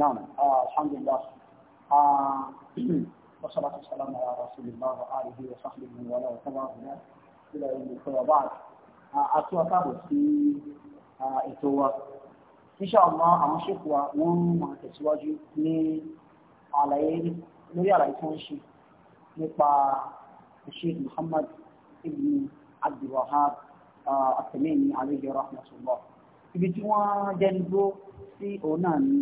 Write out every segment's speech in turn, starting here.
نعم الحمد لله والصلاة والسلام على رسول الله وآله وصحبه ولا وتبارك إلى يوم الخير وبعد أتوا كابو في إتوا إن شاء الله àwọn ṣèkù wa wọ́n máa tẹ̀síwájú ní àlàyé lórí àlàyé tó الشيخ محمد ابن عبد الوهاب التميمي عليه رحمة الله ibi tí wọ́n jẹ́ nígbó sí òun náà ni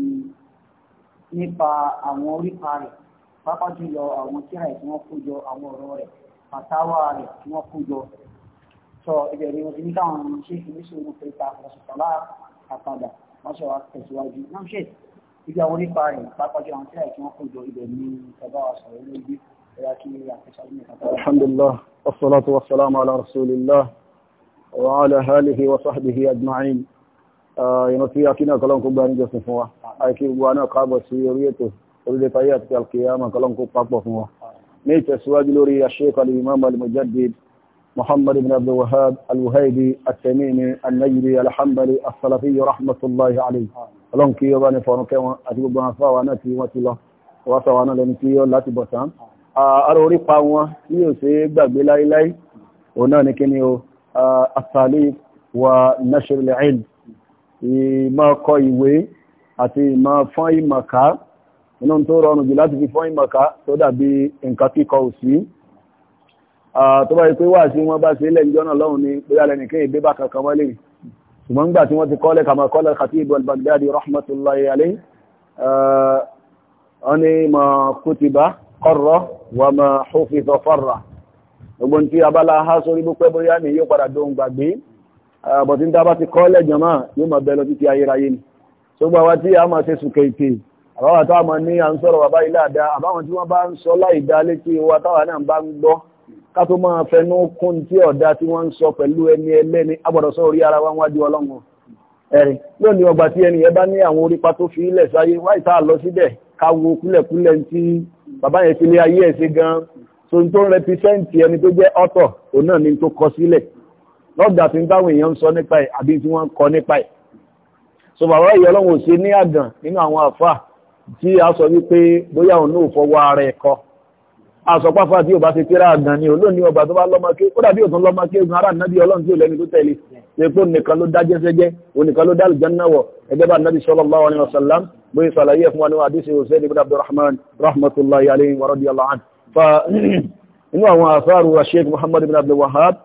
nípa àwọn orípa rẹ̀ pàápàá jùlọ àwọn tíra ẹ̀ tí wọ́n kó jọ àwọn ọ̀rọ̀ rẹ̀ àtàwà rẹ̀ tí wọ́n kó jọ sọ ibẹ̀ ni ti ní káwọn ṣe ìmísòwò pé ta ọ̀sọ̀tàlá àpadà wọ́n ṣe tẹ̀síwájú náà ṣe ibi àwọn onípa rẹ̀ pàápàá jùlọ àwọn tíra ẹ̀ tí wọ́n kó jọ ibẹ̀ ni ẹ̀bá wa sọ̀rọ̀ lórí ẹ̀yà kí àfẹ́sàlú nìkan ìran eh, tí akínà kọlọ́n kó gba ní jọsìn fún wa àìkí gbogbo náà káàbọ̀ sí orí ètò orílẹ̀ ayé àti alkiyama kọlọ́n kó papọ̀ fún wa ní ìtẹ̀síwájú lórí aṣèkọ imam al-mujaddid muhammad ibn abdul wahab al-wahidi at-tamimi an-najdi al-hanbali as-salafi rahmatullahi alayhi kọlọ́n kí wa nashr al ìmọ̀ kọ ìwé àti ìmọ̀ fọ́n ìmọ̀ká inú tó rọrùn jù láti fi fọ́n ìmọ̀ká tó dàbí nǹkan kíkọ òsí tó bá ìpé wà sí wọ́n bá sí ilẹ̀ ìjọ́nà lọ́hùn ní pé alẹ́ nìkan ìgbé bá kankan wọlé ṣùgbọ́n nígbà tí wọ́n ti kọ́lẹ̀ kàmà kọ́lẹ̀ Khatib al-Baghdadi rahmatullahi alayhi ọ́nà ma bọ̀tí ń tábá ti kọ́ lẹ́jọ̀mọ́ yóò máa bẹ lọ títí ayérayé ni ṣùgbọ́n wa tí a máa ṣe sùkè ìpè àbáwà táwa máa ní à ń sọ̀rọ̀ bàbá ilé àdá àbáwọn tí wọ́n bá ń sọ láì dá létí wa táwa náà bá ń gbọ́ ká tó máa fẹnu kún tí ọ̀dá tí wọ́n ń sọ pẹ̀lú ẹni ẹlẹ́ni agbọ́dọ̀ sọ orí ara wa wájú ọlọ́run ẹ̀rí lónìí ọgbà tí lọ́gbà tí ń táwọn èèyàn ń sọ nípa ẹ̀ àbí tí wọ́n ń kọ nípa ẹ̀ so bàbá ìyá ọlọ́run ò sí ní àgàn nínú àwọn àfà tí a sọ wípé bóyá òun náà fọwọ́ ara ẹ̀ kọ àsọpáfà tí ò bá ti kéré àgàn ni òun ní ọba tó bá lọ́mọké ó dàbí òtún lọ́mọké ogun ará nàbí ọlọ́run tí ò lẹ́ni tó tẹ̀lé epo nìkan ló dá jẹ́sẹ́jẹ́ onìkan ló dá àlùjánnà wọ̀ ẹgbẹ́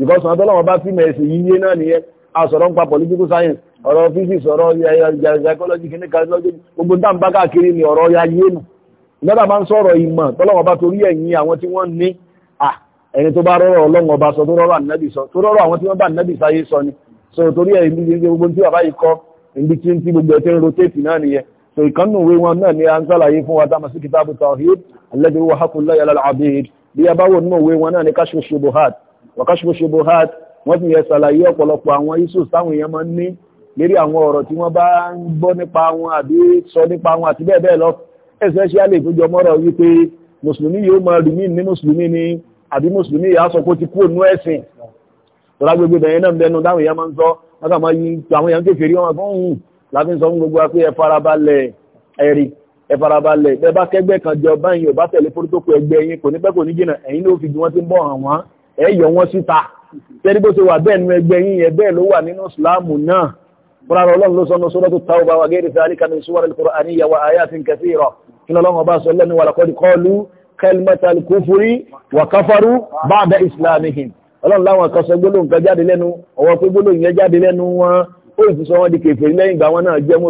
because àwọn tọ́lọ́wọ́ bá fíìmù ẹ̀sìn yíyé náà nìyẹn a sọ̀rọ̀ ń political science ọ̀rọ̀ physics ọ̀rọ̀ psychology kìíní cardiology gbogbo dáàmú bá káàkiri ni ọ̀rọ̀ ya yé nù ìjọba máa ń sọ̀rọ̀ ìmọ̀ tọ́lọ́wọ́ bá torí ẹ̀yìn àwọn tí wọ́n ní ẹni tó bá rọrọ̀ ọlọ́run ọba sọ tó rọrọ̀ ànábì sọ tó rọrọ̀ àwọn tí wọ́n bá ànábì sáyé sọ ni so torí ẹ̀ gbogbo tí bàbá yìí kọ́ ibi tí tí gbogbo ẹ̀ tí ń rotate náà nìyẹn so ìkànnù òwe wọn náà ni a ń sàlàyé fún wa táwọn sí kitabu tawhid alladhi huwa haqqul lahi ala al-abid bí a bá wò nínú òwe wọn náà ni kashfu shubuhat wàkàṣùkò ṣe bohat wọ́n ti yẹ ṣàlàyé ọ̀pọ̀lọpọ̀ àwọn issues táwọn èèyàn máa ń ní lérí àwọn ọ̀rọ̀ tí wọ́n bá ń gbọ́ nípa wọn àbí sọ nípa wọn àti bẹ́ẹ̀ bẹ́ẹ̀ lọ especially ìfúnjọ mọ́rọ̀ wípé mùsùlùmí yóò máa remain ní mùsùlùmí ni àbí mùsùlùmí yà á sọ pé ó ti kúrò nú ẹ̀sìn tọ́lá gbogbo ìbẹ̀yẹn náà bẹnu táwọn èèyàn máa ń sọ wọ́n kà máa yí àwọn èèyàn kékeré wọn fún òun láti sọ fún gbogbo wa pé ẹ farabalẹ̀ ẹ̀rí ẹ farabalẹ̀ bẹ́ẹ̀ bá kẹ́gbẹ́ kan jọ báyìí ò bá tẹ̀lé fórí ẹgbẹ́ yín kò ní pẹ́ kò ní jìnnà ẹ̀yin ló fi ju wọ́n ti ń bọ̀ hàn wọ́n ẹ yọ wọ́n síta tẹ́rí bó ṣe wà bẹ́ẹ̀ nínú ẹgbẹ́ yín yẹn bẹ́ẹ̀ ló wà nínú ìsìláàmù náà fúnra rẹ̀ ọlọ́run ló sọ ní suratu tawba wa ghayri dhalika min suwaril qur'aniyya wa ayatin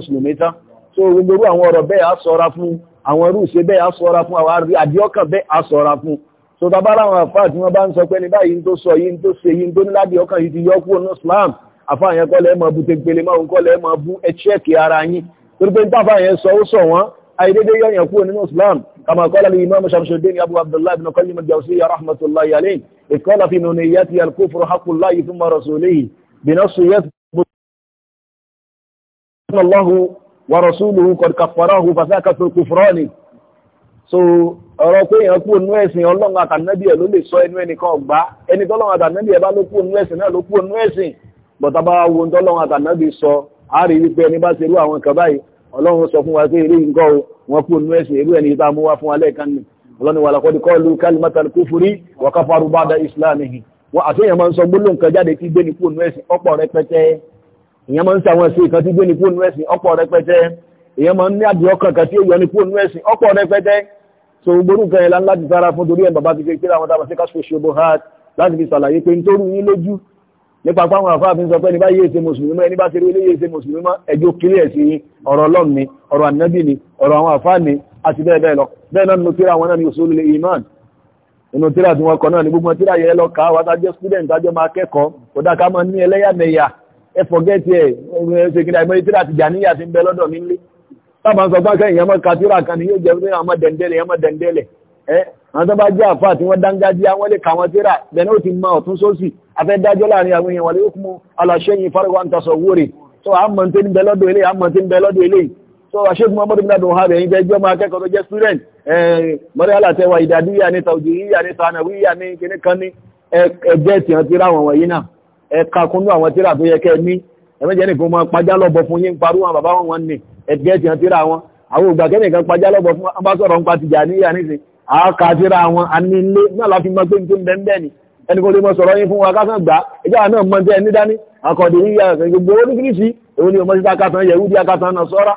so gbogbo àwọn ọ̀rọ̀ bẹ́ẹ̀ á ṣọ́ra fún àwọn irú bẹ́ẹ̀ á ṣọ́ra fún àwọn àdíọ́kàn bẹ́ẹ̀ á ṣọ́ra fún so bàbá àfáà tí wọ́n bá ń sọ pé ní báyìí tó sọ yìí tó ṣe yìí tó ní láti ọkàn yìí ti yọ kúrò ní Islam àfáà yẹn kọ́lẹ̀ mọ̀ bú tẹgbẹ̀lẹ̀ máa ń kọ́lẹ̀ mọ̀ bú ẹ̀chẹ́ẹ̀kì ara yín torí pé táfà yẹn sọ ó sọ wọ́n àìdédé yọ̀yàn kúrò nínú Islam kama qala li imam Shamsuddin abu abdullahi ibn Qayyim so ọ̀rọ̀ pé èèyàn kú ònú ẹ̀sìn ọlọ́run àtànábì ẹ̀ ló lè sọ ẹnu ẹnìkan ẹni tọ́lọ́run ẹ̀ bá ló kú ẹ̀sìn náà ló kú ẹ̀sìn wo tọ́lọ́run sọ a rí wípé ẹni bá ṣe irú àwọn kan báyìí ọlọ́run sọ fún wa pé eré nǹkan o wọn kú ònú ẹ̀sìn irú ẹni tá a mú wá fún alẹ́ kan ni ọlọ́run wà lọ́kọ́ kọ́ lu kálímátà kúfúrí wàkàfàrú bá da máa ń sọ gbólóhùn kan jáde so gbogbo nǹkan ẹ̀la ńlá ti sára fún torí ẹ̀ bàbá ti fi kíra àwọn dábàá sí káṣù ṣe bó hard láti fi ṣàlàyé pé ń tó rú yín lójú nípa páwọn àfáà fi ń sọ pé nípa yéé ṣe mùsùlùmí mọ́ ẹni bá ṣe rí ilé yéé ṣe mùsùlùmí mọ́ ẹjọ́ kiri ẹ̀ sí ọ̀rọ̀ ọlọ́run ni ọ̀rọ̀ ànábì ni ọ̀rọ̀ àwọn àfáà ni àti bẹ́ẹ̀ bẹ́ẹ̀ lọ bẹ́ẹ̀ náà nínú tíra àwọn náà ni usulul iman nínú tíra tí wọ́n kọ náà ni gbogbo tíra yẹn lọ ká wa tájọ́ student tájọ́ máa kẹ́kọ̀ọ́ kò dá ká máa ní ẹlẹ́yàmẹ̀yà ẹ forget ẹ ẹ ṣe kí tábà ń sọ pé akẹ́yìn ọmọ katira kan ni yóò jẹ́ pé ọmọ dẹ̀ndẹ́lẹ̀ ọmọ dẹ̀ndẹ́lẹ̀ ẹ́ àwọn tó bá jẹ́ àfà tí wọ́n dángájíá wọ́n lè kà wọ́n tíra bẹ̀rẹ̀ ó ti mọ ọ̀tún sósì afẹ́dájọ́ láàrin àwọn èèyàn wà lè kún aláṣẹ́yìn fáríwá ń tasọ̀ wúre tó a mọ̀ tí ń bẹ lọ́dọ̀ eléyìí a mọ̀ tí ń bẹ lọ́dọ̀ eléyìí tó a ṣe fún ọmọdé mìíràn ha bẹ̀yìn bẹ́ẹ̀ jẹ́ ọmọ akẹ́kọ̀ọ́ tó jẹ́ student mọ́rí alàtẹwà ìdàdíyà ní tàùjìyà ní ẹgbẹ́ ti hàn tíra wọn àwọn ògbà kẹ́nìkan pàjá lọ́bọ̀ fún abásọ̀rọ̀ ń pa ti jà níyà nísìn àáka tíra wọn a ní ilé náà láti mọ pé nítorí bẹ́ẹ̀ bẹ́ẹ̀ ni ẹni kò lè mọ sọ̀rọ̀ yín fún wa kásán gbà ẹjọ́ náà mọ tẹ́ ní dání akọ̀dé yíya gbogbo oníkìrìsì èwo ni ọmọ síta kásán yẹwúdí akásán náà sọ́ra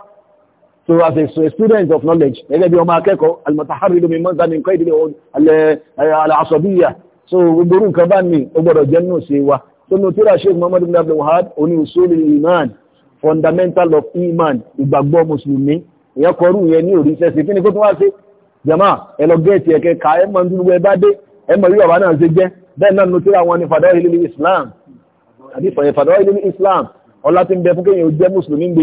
so as a student of knowledge gẹ́gẹ́ bí ọmọ akẹ́kọ̀ọ́ alimọ̀tàhárìdò mi mọ́ta ní nǹkan ìdílé àṣọbíyà so gbogbo nǹkan bá ní ó gbọ́dọ̀ jẹ́ nù sí wa tó nu tíra sheikh muhammadu bin abdul fundamental of iman ìgbàgbọ́ mùsùlùmí ìyẹn kọrú ìyẹn ní òrìṣẹ́ sí kí ni wá sí jama ẹlọgẹ́ẹ̀tì ẹ̀kẹ́ ká ẹ mọ̀ nínú ẹ bá dé ẹ mọ̀ rí ọ̀bá náà ṣe jẹ́ bẹ́ẹ̀ náà nùtí àwọn ní fàdọ́ ìlú islam àti fàdọ́ ìlú islam ọlá tí ń bẹ fún kéèyàn jẹ́ mùsùlùmí ń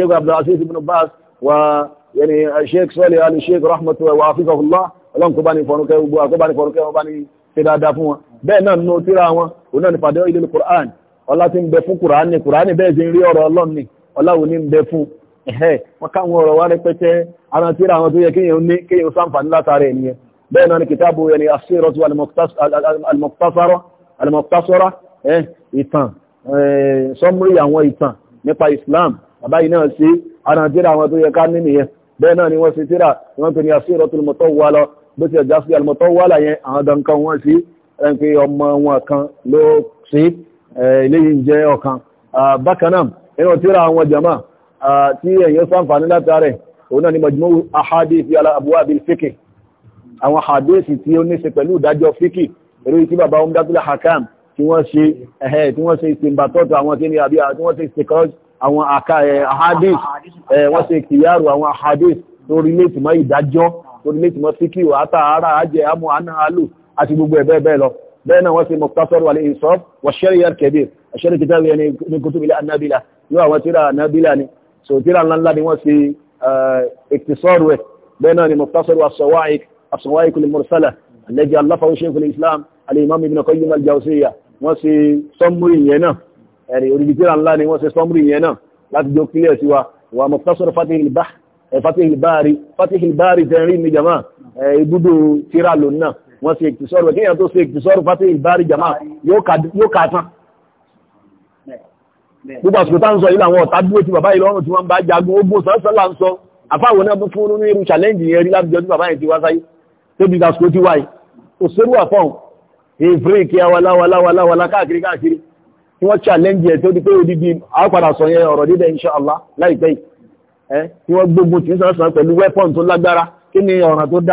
gbé wa yẹni sheikh sọ́lẹ̀ ali sheikh rahmatu wa afikakullah ọlọ́run kó bá ní fọrùnkẹ́ gbogbo àkóbá ní fọrùnkẹ́ wọn bá ní ṣe dáadáa fún bẹ́ẹ̀ náà nù tíra wọn òun náà ní fàdọ́ ìlú quran ọlá tí ń bẹ fún kùránì kùránì bẹ́ẹ̀ sí ń rí ọ̀rọ̀ ọlọ́run ni ọlá wo ní ń bẹ fún ẹ̀hẹ́ wọ́n káwọn ọ̀rọ̀ wá rẹpẹtẹ ara tí ra àwọn tó yẹ kéèyàn ní kéèyàn sáǹfààní látara ẹ̀ nìyẹn bẹ́ẹ̀ náà ni kìtàbù ẹni asírọ́tù al-muqtasara ìtàn sọmúrí àwọn ìtàn nípa Islam bàbá yìí náà sí ara tí ra àwọn tó yẹ sí Eh, eléyìí jẹ́ ọ̀kan ah, bákanáà inú tíra àwọn jama ah, tí èyàn sáǹfàní látàrẹ òun náà ni majmu' ahadith fi ala abwab al-fiqh àwọn hadith tí ó ní ṣe pẹ̀lú ìdájọ́ fíkì eré tí bàbá Umdatul Hakam tí wọ́n ṣe ẹ̀hẹ́ tí wọ́n ṣe ìsìnbàtọ́tọ̀ àwọn tí ní àbí tí wọ́n ṣe ìsìnkọ́j àwọn eh, ahadith eh, wọ́n ṣe kìyàrù àwọn ahadith tó rílẹ̀tì mọ́ ìdájọ́ tó rílẹ̀tì mọ́ fíkì wàátà ara àjẹ́ àmọ́ àná àlò àti gbogbo ẹ̀bẹ́ẹ̀ bẹ́ẹ̀ lọ bẹ́ẹ̀ náà wọ́n ṣe mọ̀tásọ́rọ̀ wà ní ìsọ́f wà ṣẹ́ríyà kẹbí ṣẹ́rí kìtà rẹ̀ ní kútùbí anábìlà yóò àwọn tíra anábìlà ni so tíra ńláńlá ni wọ́n ṣe ìtìsọ́rọ̀ eh, ẹ̀ bẹ́ẹ̀ náà ni mọ̀tásọ́rọ̀ asọ̀wáìk al-mursala alẹ́jì aláfàwọ́ shaykhul islam al-imam ibn qayyim al-jawziyya wọ́n ṣe sọ́mùrì yẹn náà ẹ̀rì orí tíra ńlá ni wọ́n ṣe sọ́mùrì yẹn náà láti jó kílẹ̀ sí wa wà mọ̀tásọ́rọ̀ fatihil eh, bari fatihil bari tẹ̀rín ni jama eh, ibùdó tíra lónìí náà wọ́n ṣe ìtìsọ́rù kéèyàn tó ṣe ìtìsọ́rù fásitì ìbárí jama yóò kà tán gbogbo àsìkò tá ń sọ yìí làwọn ọ̀tá dúró ti bàbá yìí lọ́rùn tí wọ́n bá jagun ogun sọ́sọ́ là ń sọ àfáwọn náà fún un nínú challenge yẹn rí lábìjọ tí bàbá yìí ti wá sáyé tóbi àsìkò ti wáyé òṣèlú àfọ́n èèfèrè kí awaláwaláwaláwalá káàkiri káàkiri tí wọ́n challenge yẹn tó di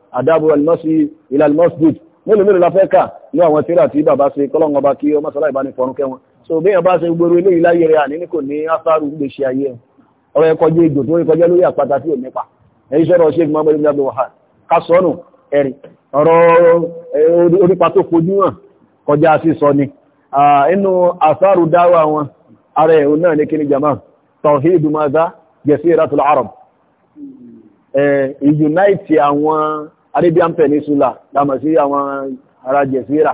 àdábò alimọ́sí ilẹ̀ alimọ́sídìd mélòó mélòó la fẹ́ kà ní àwọn tíra tí bàbá ṣe kọ́lọ́n ọba kí ọmọ sọlá ìbáni fọrún kẹwọn so bí yẹn bá ṣe gbogbo eléyìí láyé rẹ àní kò ní ásáàrù ń gbèsè ayé ẹ ọ̀rọ̀ ẹ kọjá ejò tó ń kọjá lórí àpáta tí ò nípa èyí sọ̀rọ̀ ṣe gbọmọ ẹni lábẹ́ wàhálà ká sọnù ẹ̀rí ọ̀rọ̀ orípa tó fojú Arabian Peninsula lámọ̀ sí àwọn ará Jẹ̀síra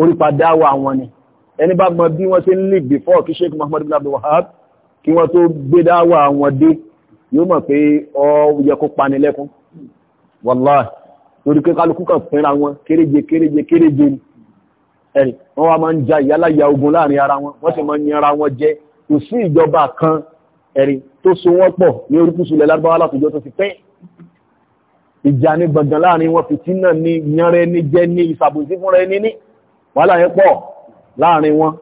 orípa dáwà wọn ni ẹni bá mọ bí wọ́n ṣe ń league before kí Sheikh Muhammad bin Abdul Wahab kí wọ́n tó gbé dáwà wọn dé yóò mọ̀ pé ọ yẹ kó pani lẹ́kún wallahi torí pé kálukú kan pínra wọn kéréje kéréje kéréje ni ẹ̀rì wọ́n wá máa ń ja ìyáláyà ogun láàrin ara wọn wọ́n sì máa ìjà ní gbọ̀ngàn láàrin wọn fìtínà ní yanrẹ ní jẹ́ ní ìsàbòsí fúnra ẹni ní wàhálà yẹn pọ̀ láàrin wọn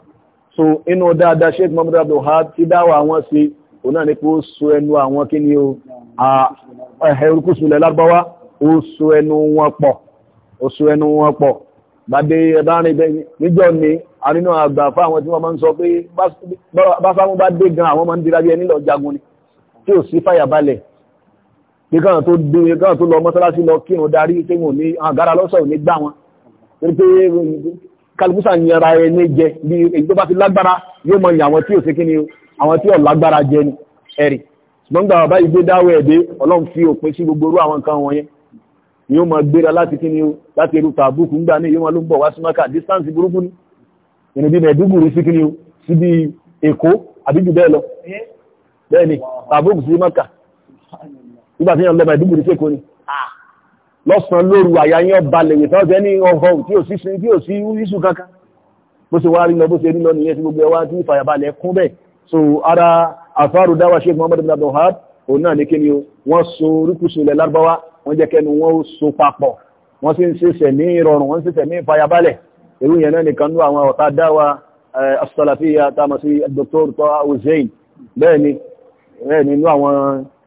so inú dáadáa sheikh mohamed abdulhad ti dáwà àwọn sí òun náà ni pé so ẹnu àwọn kí ni o ẹ̀hẹ̀ orúkúsùlẹ̀ lárúbáwá ó so ẹnu wọn pọ̀ ó so ẹnu wọn pọ̀ gbàdé ẹ̀bárin níjọ́ ni arínú àgbà fún àwọn tí wọ́n máa ń sọ pé bá sáwọn bá dé gan àwọn máa ń dira bí ẹni lọ jagun ni tí ò sí fàyàbalẹ̀ kíkàn tó dún kíkàn tó lọ mọ́sálásí lọ kí wọ́n darí tí wọ́n ní àgára lọ́sọ̀ ní gbá wọn pé kalibusa ń yẹra ẹni jẹ bí èyí tó lágbára yóò mọ ìyàwó tí ò sí kí ni àwọn tí ò lágbára jẹ ni ẹ̀rì ṣùgbọ́n gbà bá ìgbé dáwọ́ ẹ̀dẹ́ ọlọ́run fi òpin sí gbogbo orú àwọn nǹkan wọ̀nyẹn yóò mọ gbéra láti kí ni o láti eru tàbùkù ń ni ìrìn bí mẹ̀ẹ́dúgbùrú sí kí ni o síbi èkó àbí jù bẹ́ẹ̀ lọ bẹ́ẹ̀ ni nígbà tí yàn lọ́ba ìdúgbòrò kéko ni lọ́sàn-án lóru àyà yẹn balẹ̀ yìí tọ́jú ẹni ọkọ̀ tí ò sí sin tí ò sí iṣu kankan bó ṣe wá rí lọ bó ṣe rí lọ nìyẹn tí gbogbo ẹ tí ìfàyàbalẹ̀ kún bẹ́ẹ̀ so ara àfáàrù dáwà Sheikh Muhammad ibn Abdul Wahhab òun náà ní kíni o wọ́n so oríkùsù ilẹ̀ lárúbáwá wọ́n jẹ́ kẹ́nu wọ́n ó so papọ̀ wọ́n sì ń ṣẹ̀ṣẹ̀ ní ìrọ̀rùn wọ́n ń ṣẹ̀ṣẹ̀ ní ìfàyàbalẹ̀ irú yẹn náà nìkan ní àwọn ọ̀tá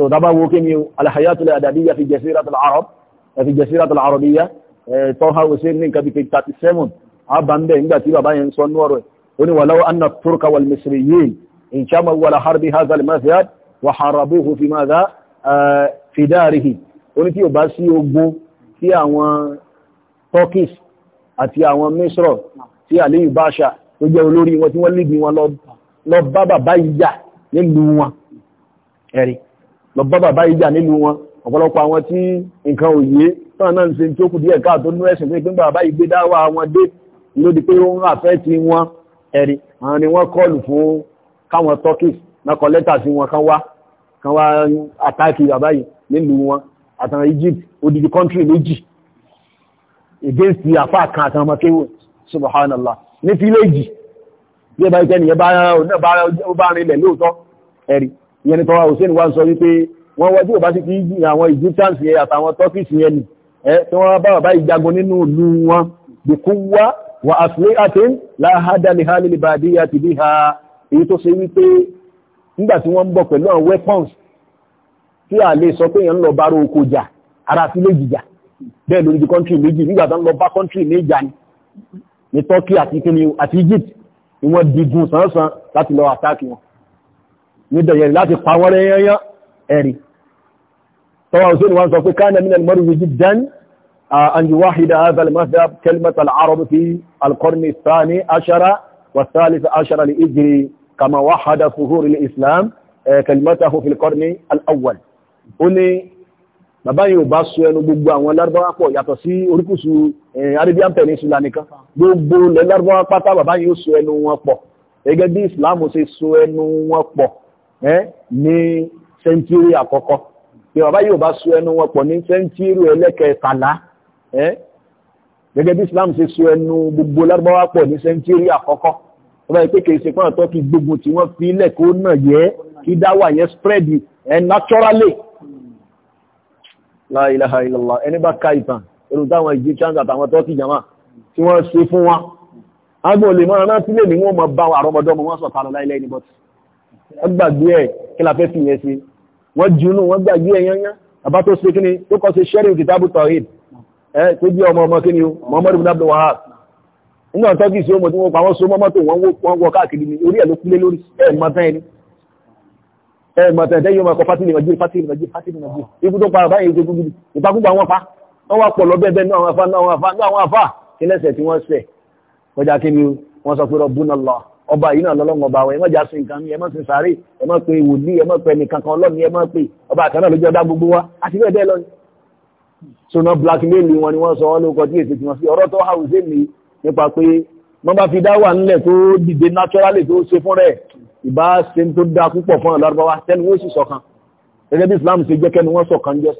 so dábá wo kí ni alhayatul adabiyya fi jasiratul arab eh, fi jasiratul arabiyya eh, tọ́ha hussein ní nǹkan bí i 37 abambe nígbà tí bàbá yẹn sọ nọ́rọ̀ ó ní walau anna turka wal misriyin in shama wala harbi hadha al mazhad wa harabuhu fi madha eh, fi darihi ó ní tí ó bá sí ogun tí turkish àti àwọn misro tí aliyu basha tó jẹ́ olórí wọn tí wọ́n lè gbìn wọn lọ bá bàbá ìjà nílùú wọn ẹ̀rí lọ bá bàbá ìjà nílùú wọn ọ̀pọ̀lọpọ̀ àwọn tí nǹkan òye náà náà ń ṣe tó kù díẹ̀ káà tó nú ẹ̀sìn pé pé bàbá ìgbé dáwà wọn dé ló di pé ó ń àfẹ́ ti wọn ẹ̀rí àwọn ni wọ́n kọlù fún káwọn turkish náà lẹ́tà sí wọn kan wá kan wá àtàkì bàbá yìí nílùú wọn àtàwọn Egypt odidi country méjì against the afa kan àtàwọn ọmọ kéwò subhanallah ní fíléèjì bí ẹ bá jẹ́ nìyẹn bá rìn ilẹ̀ lóòótọ́ ẹ̀rí ìyẹn ni tọ́wà hussein wá ń sọ wípé wọ́n wọ́n tí ò bá sí kí àwọn egyptians yẹn àtàwọn turkish yẹn ni ẹ tí wọ́n bá bàbá ìjagun nínú ìlú wọn bìkú wá wà àfilé àti láhádà ní hálì ìbàdí àti bí ha èyí tó ṣe wípé nígbà tí wọ́n ń bọ̀ pẹ̀lú àwọn weapons tí a lè sọ pé èèyàn ń lọ bá oko jà ara sí lè jìjà bẹ́ẹ̀ lórí ju kọ́ńtì méjì nígbà tó ń lọ bá kọ́ńtì méjà ni ní turkey àti egypt ni wọ́n digun sánsan láti lọ àtáàkì wọn ní dẹ̀yẹ̀rì láti pa wọ́n rẹ̀ yányán ẹ̀rì tọwọ́ òṣèlú wọn sọ pé káàna minal marwi jiddan an yuwahida hadha al-madhhab kalimat al-arab fi al-qarni ath-thani ashara wa ath-thalith ashara al-hijri kama wahada zuhur al-islam e, kalimatahu fi al-qarni al-awwal ó ní bàbá yìí ò bá sọ ẹnu gbogbo àwọn lárúbáwá pọ̀ yàtọ̀ e, ní sẹ́ńtúrì àkọ́kọ́ bí bàbá yóò bá so ẹnu wọn pọ̀ ní sẹ́ńtúrì ẹlẹ́kẹ̀ẹ́kàlá gẹ́gẹ́ bí Islam ṣe so ẹnu gbogbo lárúbáwá pọ̀ ní sẹ́ńtúrì àkọ́kọ́ wọ́n bá yẹ pé kì í ṣe fún àtọ́kì gbogbo tí wọ́n fi ilẹ̀ kó náà yẹ kí dáwà yẹn spread ẹ̀ naturally la ilaha illallah ẹni bá ka ìtàn ẹ̀rù táwọn egyptians àtàwọn turkey jama tí wọ́n ṣe fún wọn agbóhùn lè mọ́ra náà sílẹ̀ ní wọ́n mọ̀ bá àrọ́mọdọ́mọ wọ́n sọ̀tà lọ láìlẹ́ ní bọ́tì wọ́n gbàgbé ẹ̀ kí la fẹ́ fi yẹn sí wọ́n junú wọ́n gbàgbé ẹ̀ yányá bàbá tó ṣe kí ni tó kọ́ sí sẹ́rìn kìtàbù tọ̀hìn ẹ tó jẹ́ ọmọ ọmọ kí ni o Muhammad ibn Abdul Wahab nínú àwọn tọ́kì sí ọmọ tí wọ́n pa wọ́n so mọ́mọ́ tó wọ́n wọ káàkiri ni orí ẹ̀ ló kúlé lórí ẹ̀ mọ́tán ẹni ẹ̀ mọ́tán ẹ̀ tẹ́yìn ọmọ ọkọ̀ fátìlì mọ̀jì fátìlì mọ̀jì fátìlì mọ̀jì ikú tó pa báyìí tó gbogbo ìpakúgbà wọn pa wọn wá pọ̀ lọ́bẹ̀ bẹ́ẹ̀ náà àwọn afá náà àwọn afá kí lẹ́sẹ̀ tí wọ́n sẹ̀ kọjá kí ni wọ́n sọ pé rọ̀bùnà lọ́ọ̀ ọba yìí náà lọ́lọ́run ọba wọn ẹ má já sí nǹkan mi ẹ má sin sáré ẹ má pe wòlíì ẹ má pe ẹnìkan kan ọlọ́run ẹ má pe ọba àkànnà ló jẹ́ ọdá gbogbo wa àti bẹ́ẹ̀ bẹ́ẹ̀ lọ ni. sọnà blackmail wọn ni wọ́n sọ ọ́ lóko tí èsì tiwọn sí ọ̀rọ̀ tó hàwùsé mi nípa pé wọ́n bá fi dá wà nílẹ̀ tó dìde naturally tó ṣe fún rẹ̀ ìbá ṣe tó dá púpọ̀ fún ọ̀lọ́rọ̀bọ̀wá tẹ́nu ó sì sọ̀kan gẹ́gẹ́ bí Islam ṣe jẹ́ kẹ́nu wọ́n sọ̀kan jẹ́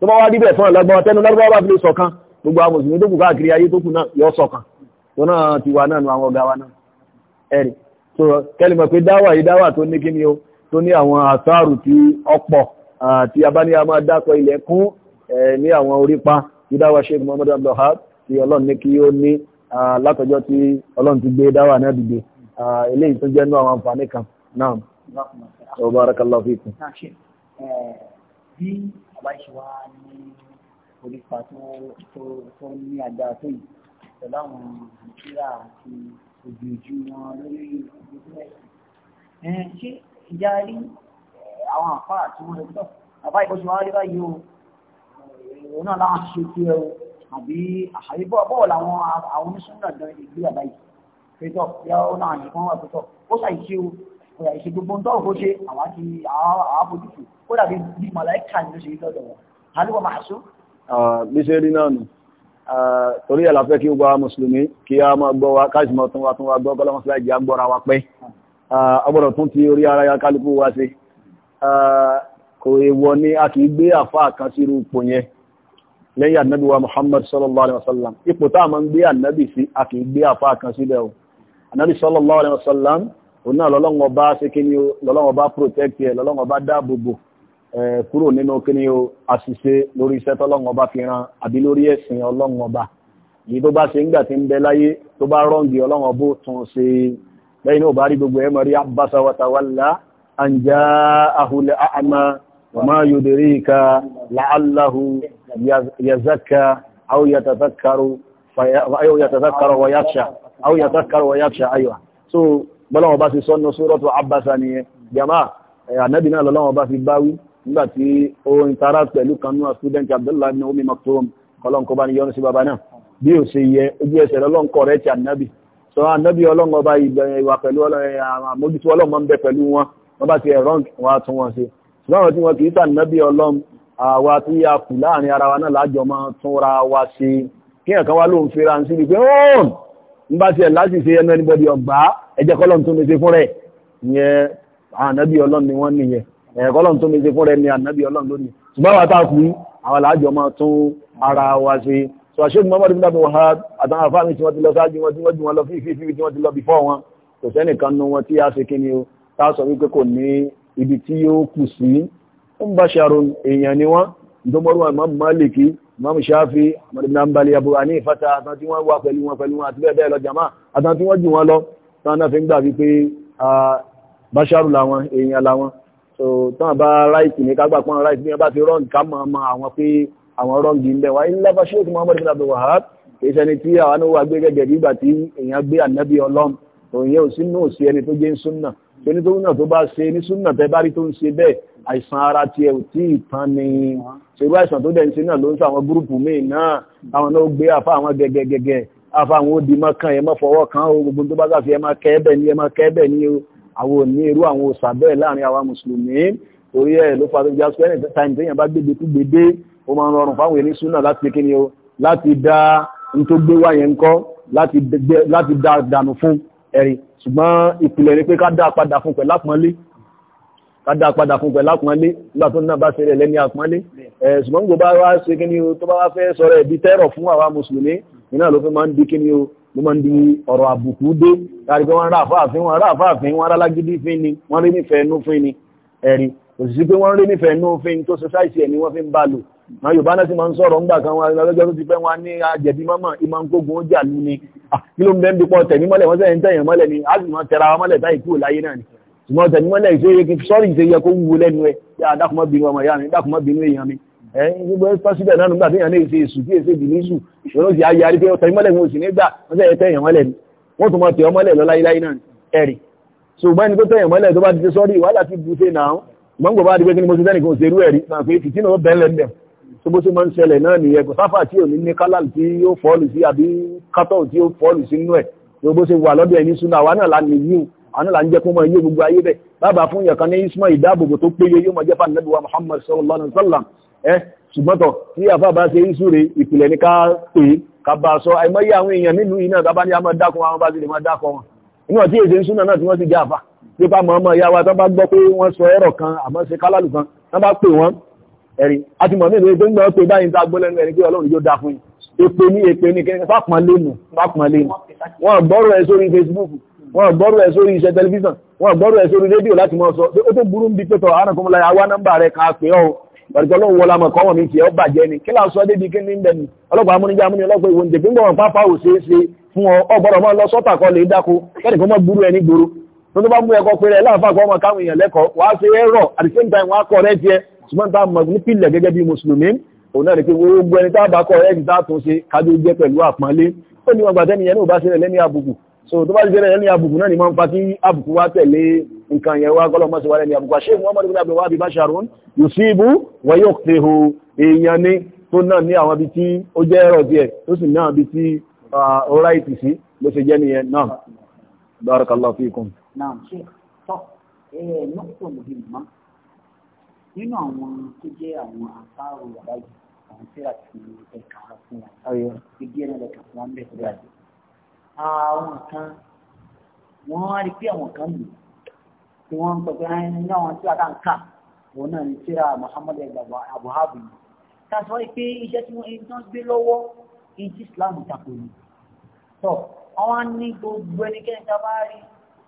tó bá wá rí bẹ̀ fún ọ̀lọ́rọ̀bọ̀wá tẹ́nu lọ́rọ̀bọ̀wá fi lè sọ̀kan gbogbo àwọn mùsùlùmí tó kù káàkiri ayé tó kù náà yọ sọ̀kan tó náà ti wà náà nu àwọn ọ̀gá wa náà ẹ̀rì so kẹ́lìmọ̀ pé dáwà yìí dáwà tó ní kí ni o tó ní àwọn àsáàrù tí ọ̀pọ̀ àti abáníyà máa dákọ̀ ilẹ̀ kún ní àwọn orípa tí dáwà Sheikh Muhammad Abdulhab tí ọlọ́run ní kí ó ní látọjọ́ tí ọlọ́run ti gbé dáwà náà dìde eléyìí tó jẹ́ nú àwọn àǹfààní kan náà so barakallahu fikum bí àbá ìṣòwà orípa tó ní àgbà tó yìí pẹ̀lú àwọn nàìjíríà àti ògbìjú òun náà láwọn ṣe tí ẹ o àbí àṣàyè bọ́ọ̀ làwọn àwọn oníṣúná ìgbé àbáyé pétọ̀ yá ó náà nìkan wà pétọ̀ ó ṣàìṣe o ọ̀yà ìṣe gbogbo ń tọ́wọ̀ kó ṣe àwọn kó dàbí torí ẹ̀ láfẹ́ kí ó gba mùsùlùmí kí a máa gbọ́ wa káàkiri mọ́ tún wa tún wa gbọ́ kọ́lọ́mọ́sílá ìjà gbọ́ra wa pẹ́ ọgbọ́dọ̀ tún ti orí ara ya kálukú wa sí kò èwọ ni a kìí gbé àfá kan sírú ipò yẹn lẹ́yìn ànábì wa muhammad sallallahu alaihi wasallam ipò táà ma ń gbé ànábì sí a kìí sallallahu alaihi wasallam òun náà lọ́lọ́wọ́ bá sékíní lọ́lọ́wọ́ bá protect ẹ̀ lọ́lọ́wọ́ bá dáàbòbò kúrò nínú kíní o àṣìṣe lórí iṣẹ́ tọ́lọ́run ọba fi ran àbí lórí ẹ̀sìn ọlọ́run ọba yìí tó bá ṣe ń gbà tí ń bẹ láyé tó bá rọ́ǹgì ọlọ́run ọbó tún ṣe lẹ́yìn náà bá rí gbogbo ẹmọ rí abasa watawalla anja ahulẹ̀ àmà wàmá yudrika la'allahu yazaka aw yatazakkaru aw yatazakkaru wa nígbà tí ó ń tara pẹ̀lú kan náà student abdullahi ibn omi maktoum kọlọ́nkọ́ bá ní yọ́nu sí baba náà bí ó ṣe yẹ ojú ẹsẹ̀ lọ́nkọ́ rẹ̀ ti ànábì sọ ànábì ọlọ́ngọ́ bá ìwà pẹ̀lú àmójútó ọlọ́mọ ń bẹ pẹ̀lú wọn wọ́n bá ti ẹ̀rọ wa tún wọn ṣe ṣùgbọ́n àwọn tí wọn kì í sànábì ọlọ́m àwa tí a kù láàrin ara wa náà lájọ máa tún ra wa ṣe kí ẹ̀kan wá lóun fi ra ni wọ́n ẹ̀kọ́ lọ́n tó méje fún rẹ̀ ní ànábì ọlọ́run lónìí ṣùgbọ́n wa táa kú àwọn aláàjọ máa tún ara wa ṣe so àṣẹ ìgbìmọ̀ ọmọdé nígbàgbọ́ ha àtàwọn afáàmì tí wọ́n ti lọ ṣáájú wọn tí wọ́n jù wọn lọ fífi fífi tí wọ́n ti lọ bìfọ́ wọn kò sẹ́nìkan nu wọn tí a ṣe kí o tá a sọ wípé kò ní ibi tí yóò kù sí ń bá ṣàrùn èèyàn ni Shafi Ahmad ibn Hanbali Abu Hanifata àtàn tí wọ́n wà pẹ̀lú wọn pẹ̀lú wọn àti bẹ́ẹ̀ bẹ́ẹ̀ lọ jàmá àtàn tí wọ́n jù wọn lọ tán náà so tán bá ráìtì ní kágbà pọ́n ráìtì bí wọ́n bá ti rọ́ǹgì ká mọ̀ ọmọ àwọn pé àwọn rọ́ǹgì ń bẹ̀ wáyé ńlá bá ṣéèkì Muhammad bin Abdul Wahab kìí ṣẹni tí àwọn náà wà gbé gẹ́gẹ́ bí ìgbà tí èèyàn gbé ànábì ọlọ́m òyìn òsín náà sí ẹni tó jẹ́ ń súnà ẹni tó náà tó bá ṣe ní súnà tẹ́ bá rí tó ń ṣe bẹ́ẹ̀ àìsàn ara ti ẹ̀ tí ìtàn ni ṣerú àìsàn tó dẹ̀ ń ṣe náà ló ń sọ àwọn àwọn òní irú àwọn òsà bẹ́ẹ̀ láàrin àwa mùsùlùmí torí ẹ̀ ló fa tó jẹ́ pé ẹnìkan táyì téèyàn bá gbégbé tó gbédé ó máa rọrùn fáwọn ènìyàn súnà láti kí ni o láti dá n tó gbé wáyẹn ń kọ́ láti dá dànù fún ẹ̀rí ṣùgbọ́n ìpìlẹ̀ ni pé ká dá padà fún pẹ̀lú àpọ́nlé ká dá padà fún pẹ̀lú àpọ́nlé nígbà tó náà bá ṣe rẹ̀ ni o tó bá wá fẹ́ sọ̀rọ̀ ẹ̀bí tẹ́rọ̀ fún ni ló mọ́ di ọ̀rọ̀ àbùkù dé láti pé wọ́n rà fáàfin wọ́n rà fáàfin wọ́n rà lágídí fín ni wọ́n rí nífẹ̀ẹ́ inú fín ni ẹ̀rí kò pé wọ́n rí nífẹ̀ẹ́ inú fín tó sọ́sáìsì ẹ̀ ni wọ́n fi ń bá lò àwọn yorùbá náà sì máa ń sọ̀rọ̀ ńgbà kan wọn lọ́jọ́ tó ti pẹ́ wọn ní àjẹ̀bí mọ́mọ́ ìmọ̀ ń ó jà lú ni kí ló ń bẹ́ bípọ̀ tẹ̀mí mọ́lẹ̀ wọ́n sẹ́yìn tẹ̀yìn mọ́lẹ̀ ni a sì máa tẹra wa mọ́lẹ̀ táyì kúrò láyé náà ni ṣùgbọ́n tẹ̀mí mọ́lẹ̀ ìṣe yẹ kí sọ́ọ̀rì ìṣe yẹ kó wúwo lẹ́nu ẹ̀ yá dákùmọ́ bínú ọmọ ìyá mi dákùmọ́ bínú èèyàn mi gbogbo ẹ̀tọ́ síbẹ̀ náà nígbà téèyàn léèṣe èṣù tí èṣe bìlíṣù ìṣòro sì ayé arígbé ọ̀tọ̀ ìmọ́lẹ̀ wọn ò sì nígbà wọ́n sẹ́yẹ tẹ̀yàn mọ́lẹ̀ ni wọ́n tún mọ́ tẹ̀ ọmọlẹ̀ lọ láíláí náà ẹ̀rì ṣùgbọ́n ẹni tó tẹ̀yàn mọ́lẹ̀ tó bá ti sọ́rí wàhálà ti bu ṣe náà mọ́ngbọ̀n bá di pé kí ni mo ṣe tẹ́nì kan ṣerú ẹ̀rí náà pé fìtí náà bẹ́ẹ̀ lẹ́nu tó bó ṣe máa ń ṣẹlẹ̀ náà nìyẹn kò sáfà tí ò ní ní kálà tí yóò fọ́ọ̀lù sí àbí kátọ̀ tí yóò fọ́ọ̀lù sí inú ẹ̀ tó bó ṣe wà lọ́dọ̀ ẹni súnà àwa náà la ní yíu àwa náà la ń jẹ́ kó mọ iye gbogbo ayé bẹ̀ bàbá fún yẹ̀kan ní ismọ̀ ìdáàbòbò tó péye yóò mọ jẹ́ fún anábìwá Muhammad sallallahu alaihi wa sallam ẹ́ ṣùgbọ́ntọ̀ tí àfà bá ṣe ń súre ìpìlẹ̀ ní ká pè é ká bá sọ àìmọye àwọn èèyàn nílùú yìí náà tábá ní àmọ́ dákun àwọn bá sì lè máa dákọ wọn níwọ̀n tí èdè ń súnà náà tí wọ́n ti jẹ́ àfà tí bá mọ̀ ọmọ ìyá wa tó bá gbọ́ pé wọ́n sọ ẹ̀rọ kan àmọ́ ṣe kálálù kan tó bá pè wọ́n ẹ̀rí àti mọ̀ nílùú tó ń pé báyìí tá gbọ́lẹ́nu ẹni pé Ọlọ́run yóò dá fún yìí ní èpè ní kẹ́kẹ́ pápọ̀n lẹ́nu wọ́n gbọ́rọ̀ ẹ̀ sórí Facebook wọ́n gbọ́rọ̀ ẹ̀ sórí iṣẹ́ tẹlifíṣàn wọ́n gbọ́rọ̀ ẹ̀ sórí rédíò láti mọ́ sọ ó tó burú ń bí pẹ́tọ̀ àrùn kọ́mọláyà wá nọ́mbà rẹ̀ ká pé ọ́ gbàdúgbò lóun wọlé àmọ́ kọ́wọ́n mi tiẹ̀ ó bàjẹ́ ni kí láàṣọ débi kí ní bẹ̀ni ọlọ́pàá amúnijá amúnijá ọlọ́pàá ìwò ǹjẹ̀gbẹ́ ńgbọ̀n pápá ò ṣeé ṣe fún ọ ọgbọ́dọ̀ máa lọ sọ́tà kan lè dáko kẹ́ni mọ́ burú a mọ̀ nípìnlẹ̀ gẹ́gẹ́ bí mùsùlùmí òun náà a bá so tó bá jẹ́rẹ̀ ẹni àbùkù náà ni máa ń fa kí àbùkù wá tẹ̀lé nǹkan yẹn wá gọ́lọ̀ mọ́sí wálẹ̀ ní àbùkù àṣẹ muhammadu bin abdul wahab basharun yusibu wa yuqtihu èèyàn ni tó náà ní àwọn ibi tí ó jẹ́ ẹ̀rọ díẹ̀ tó sì náà ibi tí ọ̀rá ìtì sí ló ṣe jẹ́ nìyẹn náà barakallahu fiikum. náà ṣe tọ́ ẹ nọ́ọ̀tọ̀ mọ̀hìnmá nínú àwọn tó jẹ́ àwọn àṣàrò àbáyé àwọn tí àwọn kan wọ́n á rí pé àwọn kan lò tí wọ́n ń sọ pé ní àwọn tí wàtá ń kà òun náà ní síra Muhammad ẹgbàgbà abuhabu yìí ká sọ pé iṣẹ́ tí wọ́n gbé lọ́wọ́ ní ti Islam tako ni tọ́ àwọn ní gbogbo ẹnikẹ́ni tá a bá rí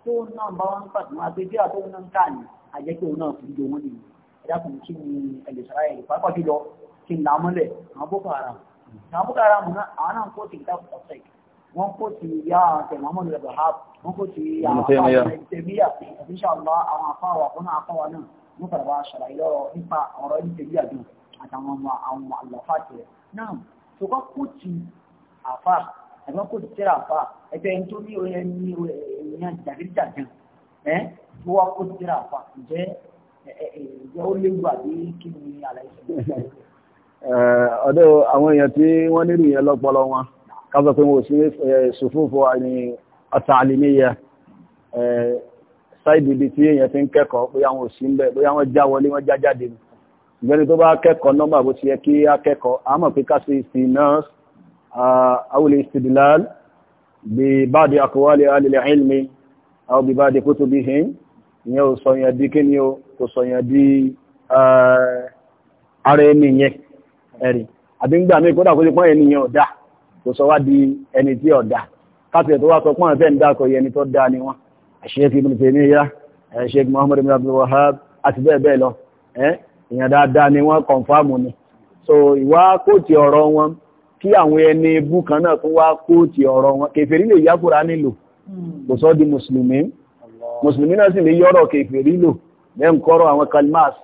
tó náà bá wọn pàtó máa gbé bí àtọ́wọ́n náà ń kà ní àjẹpẹ́ òun náà fi jọ wọn nìyí ẹ̀dá kan kí ni ẹ̀lẹ́sàrá ẹ̀ pàápàá jùlọ kí n làmúlẹ̀ àwọn Boko Haram àwọn Boko Haram náà àwọn náà ń kó tìkítà wọ́n kò tí yá tẹ̀mọ́mọ́ lè bàá wọ́n kò tí yá tẹ̀míyà inshallah àwọn afáwà fún afáwà náà wọ́n fara bá ṣàlàyé lọ́rọ̀ nípa ọ̀rọ̀ ní tẹ̀míyà dùn àtàwọn ọmọ àwọn àlọ́fà tẹ̀ náà tó bá kò tí àfà ẹ̀gbọ́n kò tí tẹ̀rẹ̀ àfà ẹgbẹ́ ẹni tó ní oyè ní ènìyàn jàdíjàdàn ẹ́ tó wá kò tí tẹ̀rẹ̀ àfà ǹjẹ́ ǹjẹ́ ó léwu àbí kí ni àlàyé ṣe ọ̀dọ̀ àwọn èèyàn tí wọ́n nírú yẹn lọ́pọlọ wọn kábọ̀ pé wọ́n sufufu ṣùfúfú àní ọ̀tàlìmíyà sáìdì ibi tí èèyàn ti ń kẹ́kọ̀ọ́ pé àwọn òsì ń bẹ̀ pé àwọn já wọlé wọ́n já jáde ni ìgbẹ́ni tó bá kẹ́kọ̀ọ́ nọ́mbà bó ti yẹ kí á kẹ́kọ̀ọ́ àmọ́ pé ká sí sí nọ́ọ̀s awul istidlal bí báàdì akọwálẹ̀ alìlẹ̀ ilmi àwọn bí báàdì kutubihim ìyẹn ò sọ̀yàn di kí ni o kò sọ̀yàn di ara ẹni yẹn ẹ̀rì àbí ń gbà mí kódà kó ti pọ́n ẹni yẹn ò dáa kò sọ wá di ẹni tí ọ̀dà káfíẹ̀ tó wá sọ pọ́n ẹ̀fẹ́ ń dákọ̀ yẹni tó dá ni wọ́n Sheikh Ibn Taymiyyah Sheikh Muhammad ibn Abdul Wahhab àti bẹ́ẹ̀ bẹ́ẹ̀ lọ èèyàn dáadáa ni wọ́n kọ̀nfàmù ni so ìwá kóòtì ọ̀rọ̀ wọn kí àwọn ẹni ibú kan náà tún wá kóòtì ọ̀rọ̀ wọn kèfèrí lè yá Kùránì lò kò sọ di mùsùlùmí mùsùlùmí náà sì lè yọ́rọ̀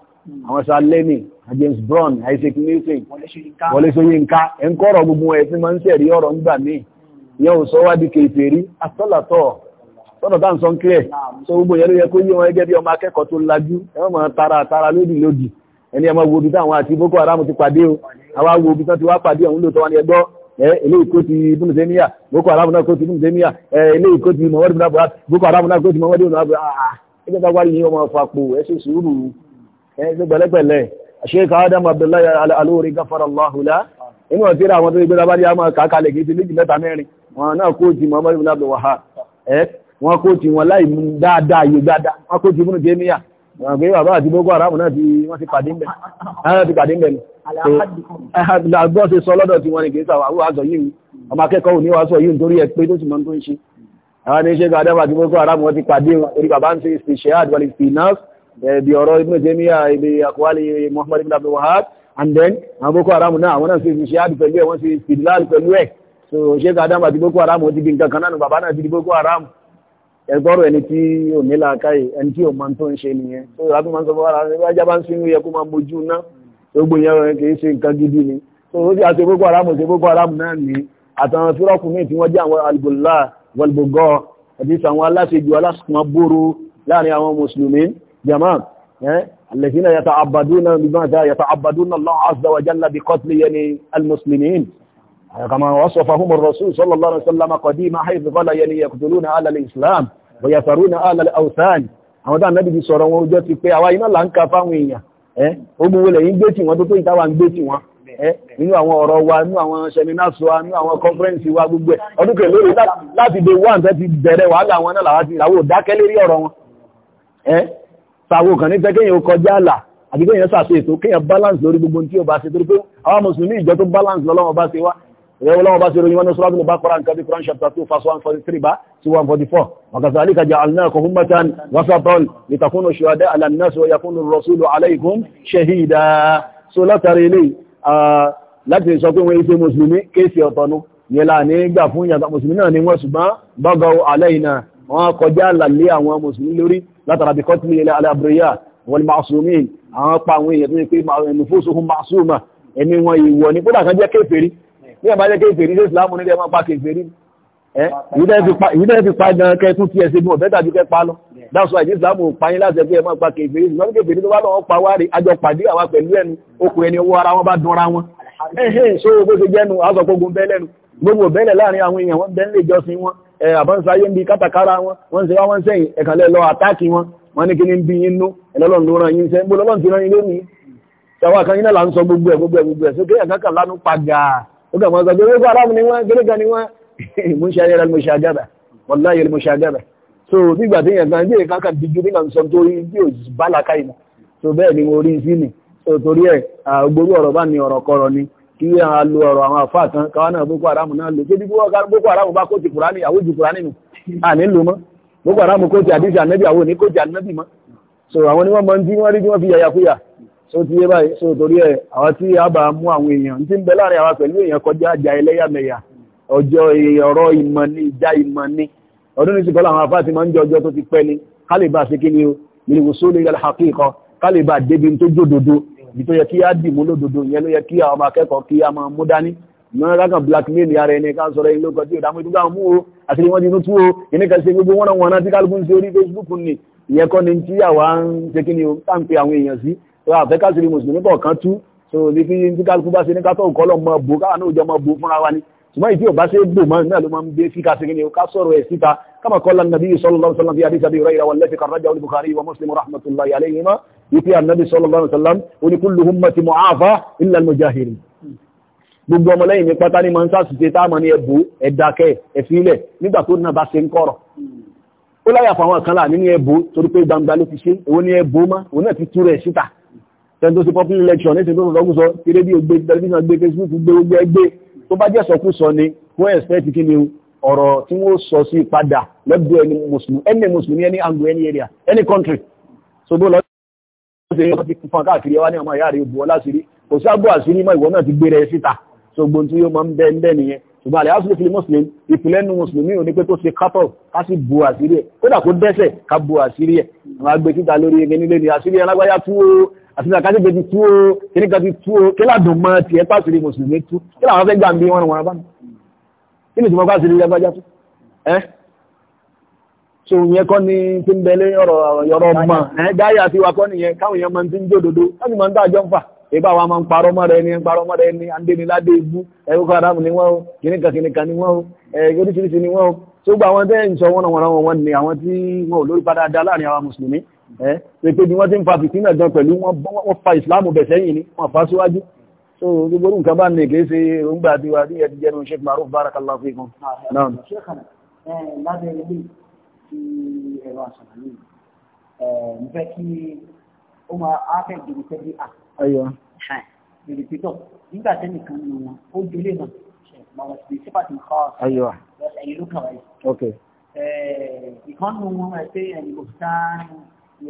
àwọn sàlẹ́nì James Brown Isaac Newton Wọlé Ṣóyínká ẹnkọ́rọ̀ gbogbo ẹ̀fin máa ń sẹ̀rí ọ̀rọ̀ nígbà míì yẹn ò sọ wádìí kèfè rí asọ́làtọ̀ sọ́nà tá ń sọ ń kílẹ̀ tó gbogbo yẹn ló yẹ kó yé wọn gẹ́gẹ́ bí ọmọ akẹ́kọ̀ọ́ tó lajú ẹwọ́n máa tara tara lódì lódì ẹni ẹmọ wo bí táwọn àti Boko Haram ti pàdé o àwa wo bí tán ti wá pàdé ọ̀hún lóòótọ́ ti ibùn Boko Haram náà kó ti ibùn sẹ́míyà eléyìí kó ti mọ̀wọ́dì Boko Haram náà kó gbẹ̀lẹ́gbẹ̀lẹ́ Sheikh Adam Abdullahi Al-Aluri gáfàrà lọ́hùlá inú ọ̀tí rà àwọn tó gbé lábárí a máa kàákalẹ̀ kìí ti méjì mẹ́ta mẹ́rin wọn náà kó ti Muhammad ibn Abdul Wahhab wọn kó ti wọn láì mú dáadáa yìí dáadáa wọn kó ti múnú jẹ́míyà wọn gbé bàbá àti Boko Haram náà ti wọ́n ti pàdé ńbẹ̀ náà ti pàdé ńbẹ̀ ni àgbọ́ ṣe sọ lọ́dọ̀ tí wọ́n ni kìí sàwọ́ àwọn àzọ yìí ọmọ akẹ́kọ̀ọ́ ò ní wàásù ti pàdé orí bàbá ń ṣe ìṣẹ́ àdúrà ìṣẹ́ bí ọ̀rọ̀ ibn Taymiya ibi àkọwálì Muhammad ibn Abdul Wahhab and then àwọn uh, Boko Haram náà àwọn náà sì fi ṣe àdì pẹ̀lú ẹ̀ wọ́n sì fìdíláàlì pẹ̀lú ẹ̀ so ṣé ká dáàbà ti Boko Haram ó ti di nǹkan kan náà bàbá náà ti di Boko Haram ẹgbọ́rọ̀ ẹni tí ò ní làákàyè ẹni tí ò máa tó ń ṣe nìyẹn so ìrákùn máa ń sọ fún ara rẹ̀ ajá bá ń sinú yẹ kó máa mojú ná gbogbo ìyẹn kì í ṣe nǹkan gidi ni so ó sì àti Boko Haram ṣe Boko Haram náà ní àtàwọn fírọ́kù míì tí wọ́n jẹ́ àwọn alìbòlá wọlbògọ́ àti àwọn aláṣejù alásùnmọ́ bóró láàrin àwọn mùsùlùmí jama الذين يتعبدون بماذا يتعبدون الله عز وجل بقتل يعني المسلمين كما وصفهم الرسول صلى الله عليه وسلم قديما حيث قال يعني يقتلون على الإسلام ويثرون على الأوثان àwọn dáa nẹ́bí ti sọ̀rọ̀ wọn ojú ti pé àwa iná là ń ka fáwọn èèyàn ẹ́ ogun wo lẹ́yìn gbé tí wọ́n tó tó ìtawà ń gbé tí wọ́n ẹ́ nínú àwọn ọ̀rọ̀ wa nínú àwọn seminars wa nínú àwọn conference wa gbogbo ẹ̀ ọdún kèlórí láti dé wọ́n tẹ́ ti bẹ̀rẹ̀ wàhálà wọn náà làwọn dákẹ́ lérí ọ̀rọ̀ wọn sàwò kan ní fẹ́ kéèyàn ó kọjá àlà àti kéèyàn sàṣe ètò kéèyàn balance lórí gbogbo tí ó bá ṣe torí pé àwọn mùsùlùmí ìjọ tó balance lọ́lọ́wọ́ bá ṣe wá ọlọ́wọ́ bá ṣe ròyìn wọn suratul Baqara nǹkan bí Quran chapter 2 verse 143 bá sí 144 wa kadhalika ja'alnakum ummatan wasatan litakunu shuhada'a 'ala an-nasi wa yakunu ar-rasulu 'alaykum shahida so látàrí ilé láti sọ pé wọ́n ife mùsùlùmí kéèsì ọ̀tọ̀nú yẹlá ní gbà fún ìyàtọ̀ mùsùlùmí náà ni wọ́n ṣùgbọ́n bọ́gọ̀ àlẹ́ ìnà wọ́n kọjá làlé àwọn mùsùlùmí lórí látara bí kọ́tí ilẹ̀ alábìrìyà wal ma'sumin àwọn pa àwọn èèyàn tó ní pé nufusuhum ma'suma ẹ̀mí wọn ìwọ̀ ní kódà kan jẹ́ kéfèrí ní ẹ̀bá jẹ́ kéfèrí sí ìsìlámù nílẹ̀ máa pa kéfèrí ìdẹ́ fi pa gan kẹ́ tún fi ẹ̀sẹ̀ bí ọ̀bẹ́ tàbí kẹ́ pa lọ dáṣọ àìdí ìsìlámù payín láti ẹgbẹ́ máa pa kéfèrí ṣùgbọ́n kéfèrí tó bá lọ́wọ́ pa wárí àjọ pàdé àwa pẹ̀lú ẹnu okùn ẹni owó ara wọn bá dunra wọn ẹ̀hìn ṣó bó ṣe jẹ́nu àzọ̀gbógun bẹ́lẹ̀nu gbogbo bẹ́lẹ̀ láàrin àwọn èèyàn wọn bẹ́ẹ̀ wọn Eh, àbọ́nsáyé ń bi kátàkárà wọn wọ́n ṣe wá wọ́n sẹ́yìn ẹ̀kànlẹ̀ lọ àtáàkì wọn wọ́n ní kí ní bí inú ẹlọ́lọ́run ló ràn yín sẹ́ gbogbo lọ́lọ́run ti ràn yín lónìí ṣàwọn kan iná là ń sọ gbogbo ẹ̀ gbogbo ẹ̀ gbogbo ẹ̀ sókè ẹ̀kánkà lánú pàgà ó kà mọ́ sọ pé wọ́n so nígbà tí yẹn so bẹ́ẹ̀ ni mo ni so kí a lo ọ̀rọ̀ àwọn àfáà tán káwọn náà boko haram náà lò kébí boko haram bá kóòtù kùránì àwọn ojú kùránì nù à ní lò mọ́ boko haram kóòtù àdíṣà nẹ́bí àwọn òní kóòtù mọ́ so àwọn ni wọ́n mọ tí wọ́n rí tí wọ́n fi yàyàkúyà so ti yé báyìí so torí ẹ̀ àwọn tí a bá mú àwọn èèyàn tí ń bẹ láàrin àwọn pẹ̀lú èèyàn kọjá àjà ẹlẹ́yàmẹ̀yà ọjọ́ ọ̀rọ̀ ìmọ̀ ni ìjà ìmọ̀ ni ọdún ní ti kọ́ láwọn afá máa ń jọ ọjọ́ tó ti pẹ́ ni kálíbà sí kí ni o ìwòsó lè yàrá àkíkọ kálíbà débi tó jódodo bí tó yẹ kí á dìmú lódodo ìyẹn ló yẹ kí àwọn ọmọ akẹ́kọ̀ọ́ kí á máa mú dání náà rákàn blackmail ara ẹni ká sọ̀rọ̀ ilé ọkọ̀ tí ò dámú ìdúgbà mú o àti wọ́n ti tú o ìníkà sí gbogbo wọ́n wọn náà tí kálukú ń ṣe orí Facebook ni ìyẹn kọ́ ni tí àwa ń ṣe kí ni o tá ń pe àwọn èèyàn sí tó àfẹ́ káṣírí mùsùlùmí kọ̀ọ̀kan tú so ní fi tí kálukú bá ṣe ní kátó nǹkan lọ́mọ bò káwa náà jọ mọ bò fúnra wa ni ṣùgbọ́n ìdí òbá ṣe gbò máa náà ló máa ń gbé síka sí ni o ká sọ̀rọ̀ ẹ̀ síta kama qala an-nabiy sallallahu alaihi wasallam fi hadith Abi Hurairah wal-ladhi akhrajahu al-Bukhari wa Muslim rahmatullahi alayhima wípé ànábì sallallahu alaihi wasallam ó ní kullu ummati mu'afa illa al-mujahirin gbogbo ọmọlẹ́yìn ní pátá ní mọ́nsá sì ṣe táàmà ní ẹbù ẹ̀dàkẹ́ ẹ̀fílẹ̀ nígbà tó náà bá ṣe ń kọ́rọ̀ ó láyà fáwọn kan láà nínú ẹbù torí pé gbangba ló ti ṣe èwo ní ẹbù má òun náà ti tú rẹ̀ síta tẹ́ni tó ṣe popular election ní ìṣẹ́jú ọ̀sán sọ kí rédíò gbé tẹlifíṣàn gbé facebook gbé gbé gbé tó bá jẹ́ sọkúsọ ni wọ́n expect kí ni ọ̀rọ̀ tí wọ́n sọ sí padà lẹ́gbẹ̀ẹ́ ẹni mùsùlùmí ṣe wọ́n ti fún káàkiri wá ní ọmọ ìyá rẹ̀ bù ọ́ láṣìírí kò sábò so gbogbo tí yóò máa ń bẹ́ ń bẹ́ nìyẹn ṣùgbọ́n àlẹ́ àṣírí fi muslim ìpìlẹ̀ nu mùsùlùmí ò ní pé tó ṣe kápọ̀ ká sì bu àṣírí ẹ̀ kódà kó dẹ́sẹ̀ ká bu àṣírí ẹ̀ àwọn agbè títa lórí ege nílé ni àṣírí alágbáyá tú o àti ìdàkájẹ́ gbé ti tú o so yẹn kọ́ ni tí ń bẹ̀lẹ̀ ọ̀rọ̀ ọ̀rọ̀ ọmọ gáyà sí wa kọ́ nìyẹn káwọn èèyàn máa ti ń jòdòdó láti máa ń tà jọ ń fà ìbá wa máa ń parọ́ mọ́ra ẹni ń parọ́ mọ́ra ẹni andéniládé ibú ẹ̀kọ́ aráàmù ni wọ́n o kìnnìkan kìnnìkan ni wọ́n o oríṣiríṣi ni wọ́n o tó gba àwọn tẹ́ ń sọ wọ́n wọ́n wọn ni àwọn tí wọn ò lórí padà dá láàrin àwọn mùsùlùmí ẹ so gbogbo nǹkan bá ní kìí ṣe òǹgbà àti wà ní ẹ̀dí jẹ́nu Maruf barakallahu fikum. náà sí ẹ̀rọ àṣàlàyé mo fẹ́ kí ó máa á fẹ́ gbèrè pẹ́bí à. ọyọ. gbèrè pétọ nígbà tẹnìkan nù wọn ó délé náà màmá sì ṣe pàtó nǹkan ọ̀sán. ọyọ. ẹyin ló kà wáyé. ok. ìkan nù wọn ẹ pé ẹni kò sáà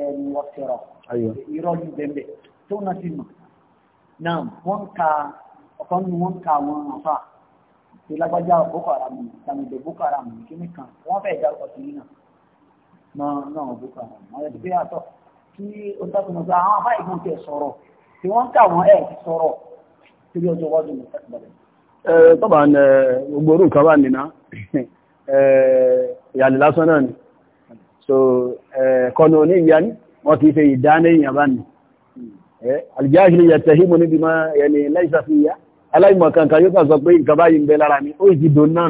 ẹni wọ́n fẹ́rọ̀. ọyọ. irọ́ yìí bẹ́ẹ̀ bẹ́ẹ̀ tó náà sì mọ̀ náà wọ́n ka ọ̀kan nù wọ́n ka wọn àfà ìlágbájá boko haram ìsàmìdè boko haram kìnnìkan wọ́n fẹ́ẹ́ dárúkọ sí yìí náà náà náà bùkà àwọn ẹbí bí àtọ kí ó dákun mọ sí àwọn afá ìgbọn tẹ sọ̀rọ̀ tí wọn ń kà wọn ẹ sọ̀rọ̀ torí ọjọ́ iwájú mi sẹkẹbẹrẹ. ẹ tọ́ba ní gbogbo orú kan bá nìna ìyàlè lásán náà ni so kọ́nà oní ìyá ni wọ́n kì í ṣe ìdánilẹ́yìn àbá ni àlìjáàṣìlì yàtẹ̀hìmù níbi máa yẹni láìsàfihà aláìmọ̀kànkà yóò kà sọ pé nǹkan báyìí ń bẹ lára mi ó ìdìdò náà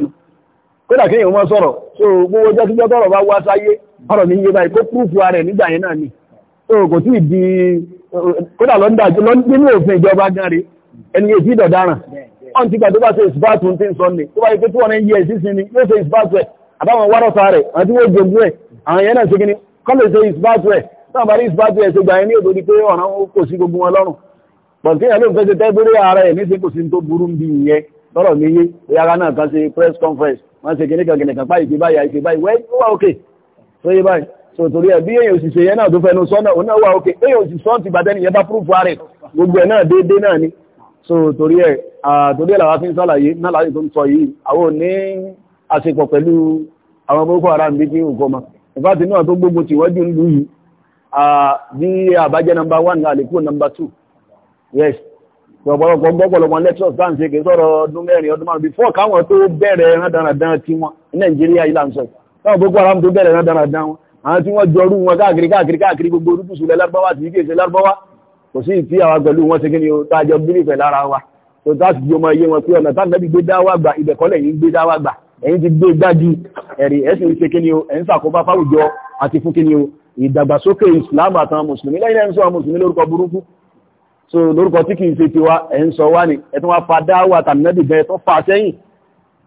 kódà kí èèyàn mọ́ sọ̀rọ̀ so gbogbo jẹ́ tíjọ́ tọ́rọ̀ bá wá sáyé ọ̀rọ̀ mi yé báyìí kó púrúfù ààrẹ nígbà yẹn náà ni kò tí ì di kódà lọ́ndà nínú òfin ìjọba gan rí ẹni èsì ìdọ̀daràn ọ̀n ti gbà tó bá ṣe ìsìbáàtù tí ń sọ ní tó bá yẹ pé 200 years sísin ni yóò ṣe ìsìbáàtù ẹ̀ àbáwọn wárọ́sà rẹ̀ àti wọ́n jogún ẹ̀ àwọn yẹn náà ṣe gini kọ́lẹ̀ ṣe ìsìbáàtù ẹ̀ náà bá rí ìsìbáàtù ẹ̀ ṣe gbà ní òdòdí pé ọ̀nà kò sí gbogbo wọn lọ́rùn pọ̀tíyàn ló ń fẹ́ ṣe tẹ́gbórí ara ẹ̀ níṣe kò sí tó burú bí ìyẹn lọ́rọ̀ mi yé ìyára náà kan ṣe press conference wọ́n ṣe kìnnìkan kìnnìkan páyì ìgbé báyà ìgbé báyì wẹ́ẹ́ wá òkè tó yé báyìí tó torí ẹ̀ bí èyàn òṣìṣẹ́ yẹn náà tó fẹnu sọ́nà òun náà wà òkè èyàn òṣìṣọ́ ti bàtẹ́ nìyẹn bá púrúfù ààrẹ gbogbo ẹ̀ náà déédé náà ni so torí ẹ̀ torí ẹ̀ làwa fi ń sàlàyé náà láti tó ń sọ yìí àwọn ò ní àṣepọ̀ pẹ̀lú àwọn boko haram bí kí nǹkan ma ìfàtí náà tó gbógun ti wọ́n jù ń lú yìí bí àbájẹ́ nọmba 1 náà lè kú nọmba 2 yes ọ̀pọ̀lọpọ̀ gbọ́pọ̀lọpọ̀ lectures dáà ń ṣe kì sọ̀rọ̀ ọdún mẹ́rin ọdún márùn-ún before káwọn tó bẹ̀rẹ̀ rádaràdán tí wọ́n ní Nàìjíríà ìlànsọ̀ táwọn Boko Haram tó bẹ̀rẹ̀ dára dá wọn àwọn tí wọ́n jọrú wọn káàkiri káàkiri káàkiri gbogbo orúkúsù lẹ́lárúbáwá àti ìkéèsè lárúbáwá kò sí ìtí àwọn pẹ̀lú wọn ṣe kí ni ó tájọ bílífẹ̀ lára wa tó táàsì jọ máa yé wọn pé ọ̀nà táàbí gbé dáwà gbà ibẹ̀kọ́lẹ̀ yìí gbé dáwà gbà ẹ̀yìn ti gbé gbájú ẹ̀rí ẹ̀sìn ṣe kí ni ó ẹ̀ ń ṣàkóbá fáwùjọ àti fún kí ni ó ìdàgbàsókè Islam àtàwọn mùsùlùmí lẹ́yìn ẹ̀ ń sọ àwọn mùsùlùmí lórúkọ burúkú so lórúkọ tí kì í ṣe tiwa ẹ̀ sọ wá ni ẹ̀ tún wá fa dáwà tàbí nẹ́bì bẹ́ẹ̀ tó fà sẹ́yìn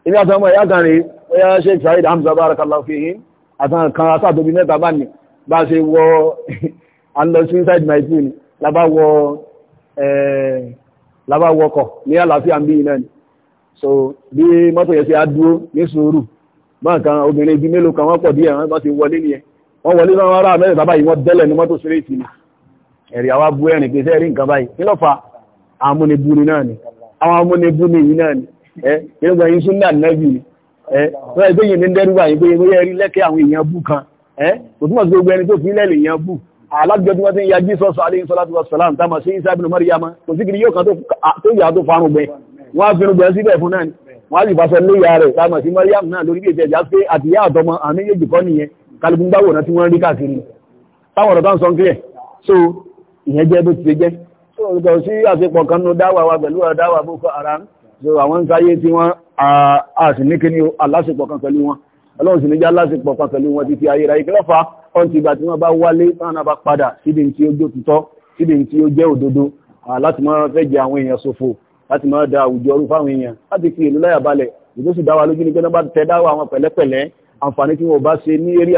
ilé àtọmọ ìyá kan rí ọyá sheik saheed hamza barakallahu fihim àtàn kan asáàtòbí mẹ́ta bá ní bá ṣe wọ alọ suicide my team labá wọ labá wọkọ̀ ní àlàáfíà ń bí iná ni so bí mọ́tò yẹn ṣe á dúró ní sùúrù bá nǹkan obìnrin ibi mélòó kan wọ́n pọ̀ díẹ̀ wọ́n ti wọlé nìyẹn wọ́n wọlé náà ará mẹ́rin bàbá yìí wọ́n dẹ́lẹ̀ ní mọ́tò sílé ìtìlẹ̀ ẹ̀rì àwa bú ẹ̀rìn pé nǹkan báyìí kí ló fà náà ni àwọn amúnibúni yìí náà ni ẹ ìrẹ́gbọ̀n yìí súnà nẹ́bì ni ẹ wọ́n ẹgbẹ́ yìí ní dẹ́rùbà yìí pé bóyá rí lẹ́kẹ́ àwọn èèyàn bù kan ẹ kò túnmọ̀ sí gbogbo ẹni tó fi lẹ́ lèèyàn bù alájọ tí wọ́n ti ń ya Jesus alayhi salatu wa salam tá a mọ̀ sí Isa ibn Maryam kò sí kiri yóò kan tó yà tó farun gbẹ wọ́n á finú gbẹ síbẹ̀ fún náà ni wọ́n á sì fàṣẹ lóyà rẹ̀ tá a mọ̀ sí Maryam náà lórí bí ìtẹ̀jà pé àtìyá àtọmọ àmì yéjì kọ́ nìyẹn kálukú gbáwò náà tí wọ́n rí káàkiri táwọn ọ̀rọ̀ bá ń sọ kílẹ̀ so ìyẹn jẹ́ bó ti jẹ́ so kò sí àṣepọ̀ kan nínú dáwà wa pẹ̀lú ọ̀rọ̀ dáwà Boko Haram so àwọn ń sáyé tí wọ́n a sì ní kíní aláṣepọ̀ kan pẹ̀lú wọn ọlọ́run sì ní já aláṣepọ̀ kan pẹ̀lú wọn títí ayérayé kí lọ́fà ọ̀n ti ìgbà tí wọ́n bá wálé náà bá padà síbi tí ó jó tutọ́ síbi tí ó jẹ́ òdodo láti máa fẹ́ jẹ àwọn èèyàn ṣòfò láti máa da àwùjọ rú fáwọn èèyàn láti fi ìlú láyà balẹ̀ ìdó sì dáwà lójú ní pé náà bá tẹ dáwà àwọn pẹ̀lẹ́pẹ̀lẹ́ àǹfààní tí wọ́n bá ṣe ní eré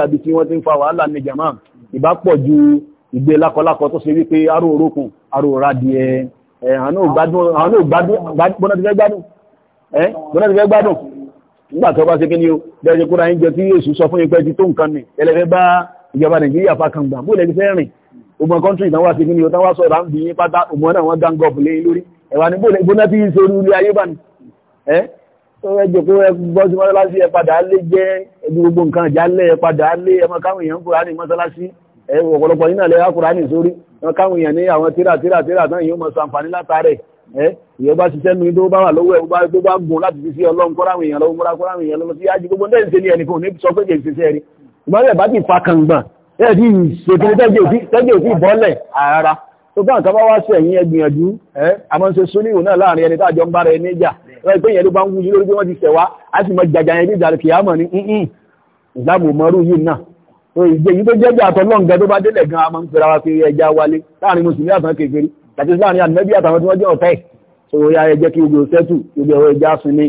ju ìgbé lákọlákọ tó ṣe wípé aró orókùn aró àwọn náà gbádùn àwọn náà gbádùn gbọ́nà ti fẹ́ gbádùn ẹ́ gbọ́nà ti fẹ́ gbádùn nígbà tó bá ṣe kí ni o bẹ́ẹ̀ kó ra ń jẹ tí Jésù sọ fún ipẹ́ ti tó nǹkan ni ẹlẹ́fẹ́ bá ìjọba Nàìjíríà fa kàngbà bó lẹ́ni fẹ́ rìn ogun kọ́ntì ìdánwà sí kí ni o tán wá sọ̀rọ̀ ẹ̀wọ̀ ọ̀pọ̀lọpọ̀ yínà lẹ́yà kùránì sórí wọn káwọn èèyàn ní àwọn tíra tíra tíra tán yóò mọ̀ sàǹfààní látàrẹ̀ ẹ́ ìyẹn bá ṣiṣẹ́ nu tó bá wà lọ́wọ́ ẹ̀ tó bá gùn láti fi sí ọlọ́run kọ́ráwọn èèyàn lọ́wọ́ múra kọ́ráwọn èèyàn lọ́wọ́ sí ájí gbogbo ndẹ́yìn ṣe ní ẹnì kan ní sọ pé kèsì ṣe rí ìgbọ́n ẹ̀ bá ti fa kàngbọ̀n ẹ̀ ti ṣètìlẹ̀ tẹ́jẹ̀ òfin bọ́lẹ̀ ara tó bá nǹkan bá wá sí ẹ̀yìn ẹgbìyànjú ẹ́ àmọ́ ṣe súnìwò náà láàrin ẹni tájọ ń bára ẹni jà lọ́wọ́ ìpé ìyẹn ló bá ń wújú lórí pé wọ́n ti ṣẹ̀wá á sì mọ jàjà ẹni ìjà kìámọ̀ ní ìsìlámù mọ́rú yìí náà ìgbé yìí tó jẹ́jẹ́ àtọ́lọ́ǹgẹ́ tó bá délẹ̀ gan a máa ń pèrà wa pé ẹja wálé láàrin mùsùlùmí àtàwọn kékeré àti láàrin ànẹ́bí àtàwọn tí wọ́n jẹ́ ọ̀tẹ́ so ya ẹjẹ́ kí ogun sẹ́tù gbogbo ẹ̀rọ ẹja sun ni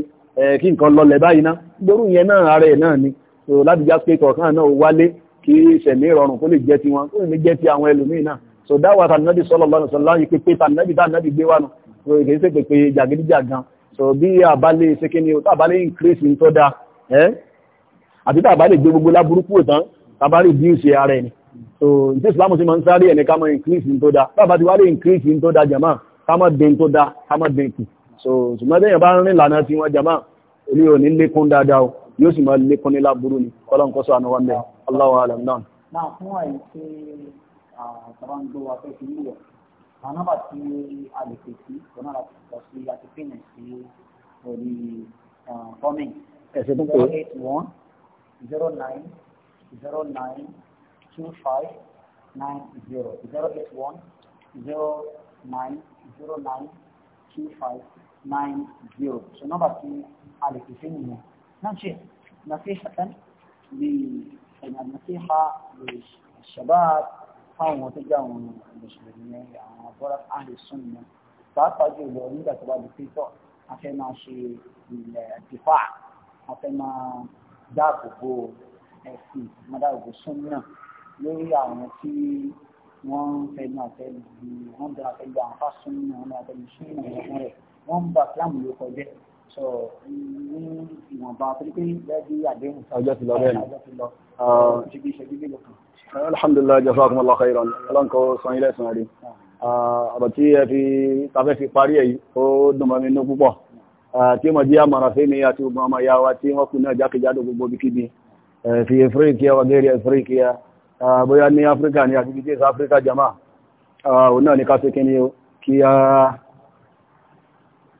kí nǹkan lọlẹ̀ báyìí náà gbórú yẹn náà ara ẹ̀ náà ni so láti já pé kọ̀ọ̀kan náà wálé kí ìṣẹ̀mí rọrùn kó lè jẹ́ ti wọn kó lè jẹ́ ti àwọn ẹlòmíì náà so dáwà tànàbí sallallahu alaihi pé tànàbí tànàbí gbé wà nù so ìgbésẹ̀ ṣe pèpè so bí àbálẹ̀ ṣe kí ni àbálẹ̀ increase ń tọ́ da ẹ́ àti tàbálẹ̀ gbé gbogbo láburúkú òtán tàbárí díùsì ààrẹ ni so ìtí ìsìlámù sí ma ń sáré ẹni ká mọ́ increase in tó dá bàbá ti wá lè increase in tó dá jama ká mọ́ dín tó dá ká mọ́ dín kù so ṣùgbọ́n tẹ́yìn bá ń rìn lànà tí wọ́n jama ilé ò ní lékún dáadáa o yóò sì máa lékún ní láburú ni kọ́lọ́n kọ́sọ́ àná wọn bẹ́ẹ̀ aláwọ̀ àlẹ́ náà. náà a lè pè sí ọ̀nà àti sọ sí àti pínlẹ̀ sí orí fọ́mìn. ẹ̀sìn tó kọ́ 092590 081 092590 so nọ́mbà tí a lè pèsè nìyẹn náà ṣe نصيحة النصيحة للشباب فهم وتجاهم المسلمين يعني طرف أهل السنة فأتجه لأوليد أتباد الفيتو حتى أكيد ماشي الدفاع أكيد ما داكو ẹ̀sìn mọ́dàgbò súnmọ́ lórí àwọn tí wọ́n ń fẹnu àfẹ́ ju wọ́n bẹ̀rẹ̀ àfẹ́ ju àwọn fásúnmọ́ wọn àfẹ́ ju súnmọ́ wọn rẹ̀ wọ́n ń bá fúlàmù ló kọjá sọ ní ìwọ̀nba torí pé lẹ́bí àdéhùn. ọjọ́ ti lọ bẹ́ẹ̀ ni ọjọ́ ti lọ ṣíbi ah. ìṣẹ́jú mélòó alhamdulilayi jazakum allah khairan alanko san ilé san rí ọ̀rọ̀ tí ẹ fi tafẹ́ fi parí èyí ó dùn mọ́ mi ní púpọ̀ ah, tí mo jẹ́ àmọ̀ràn fẹ́mi àti ogun ọmọ ìyá wa tí wọ́n kú gbogbo bíkíbi في افريقيا وغير افريقيا bóyá ní áfríkà ní àti gígé áfríkà jama òun náà ní ká tó kí ní kí a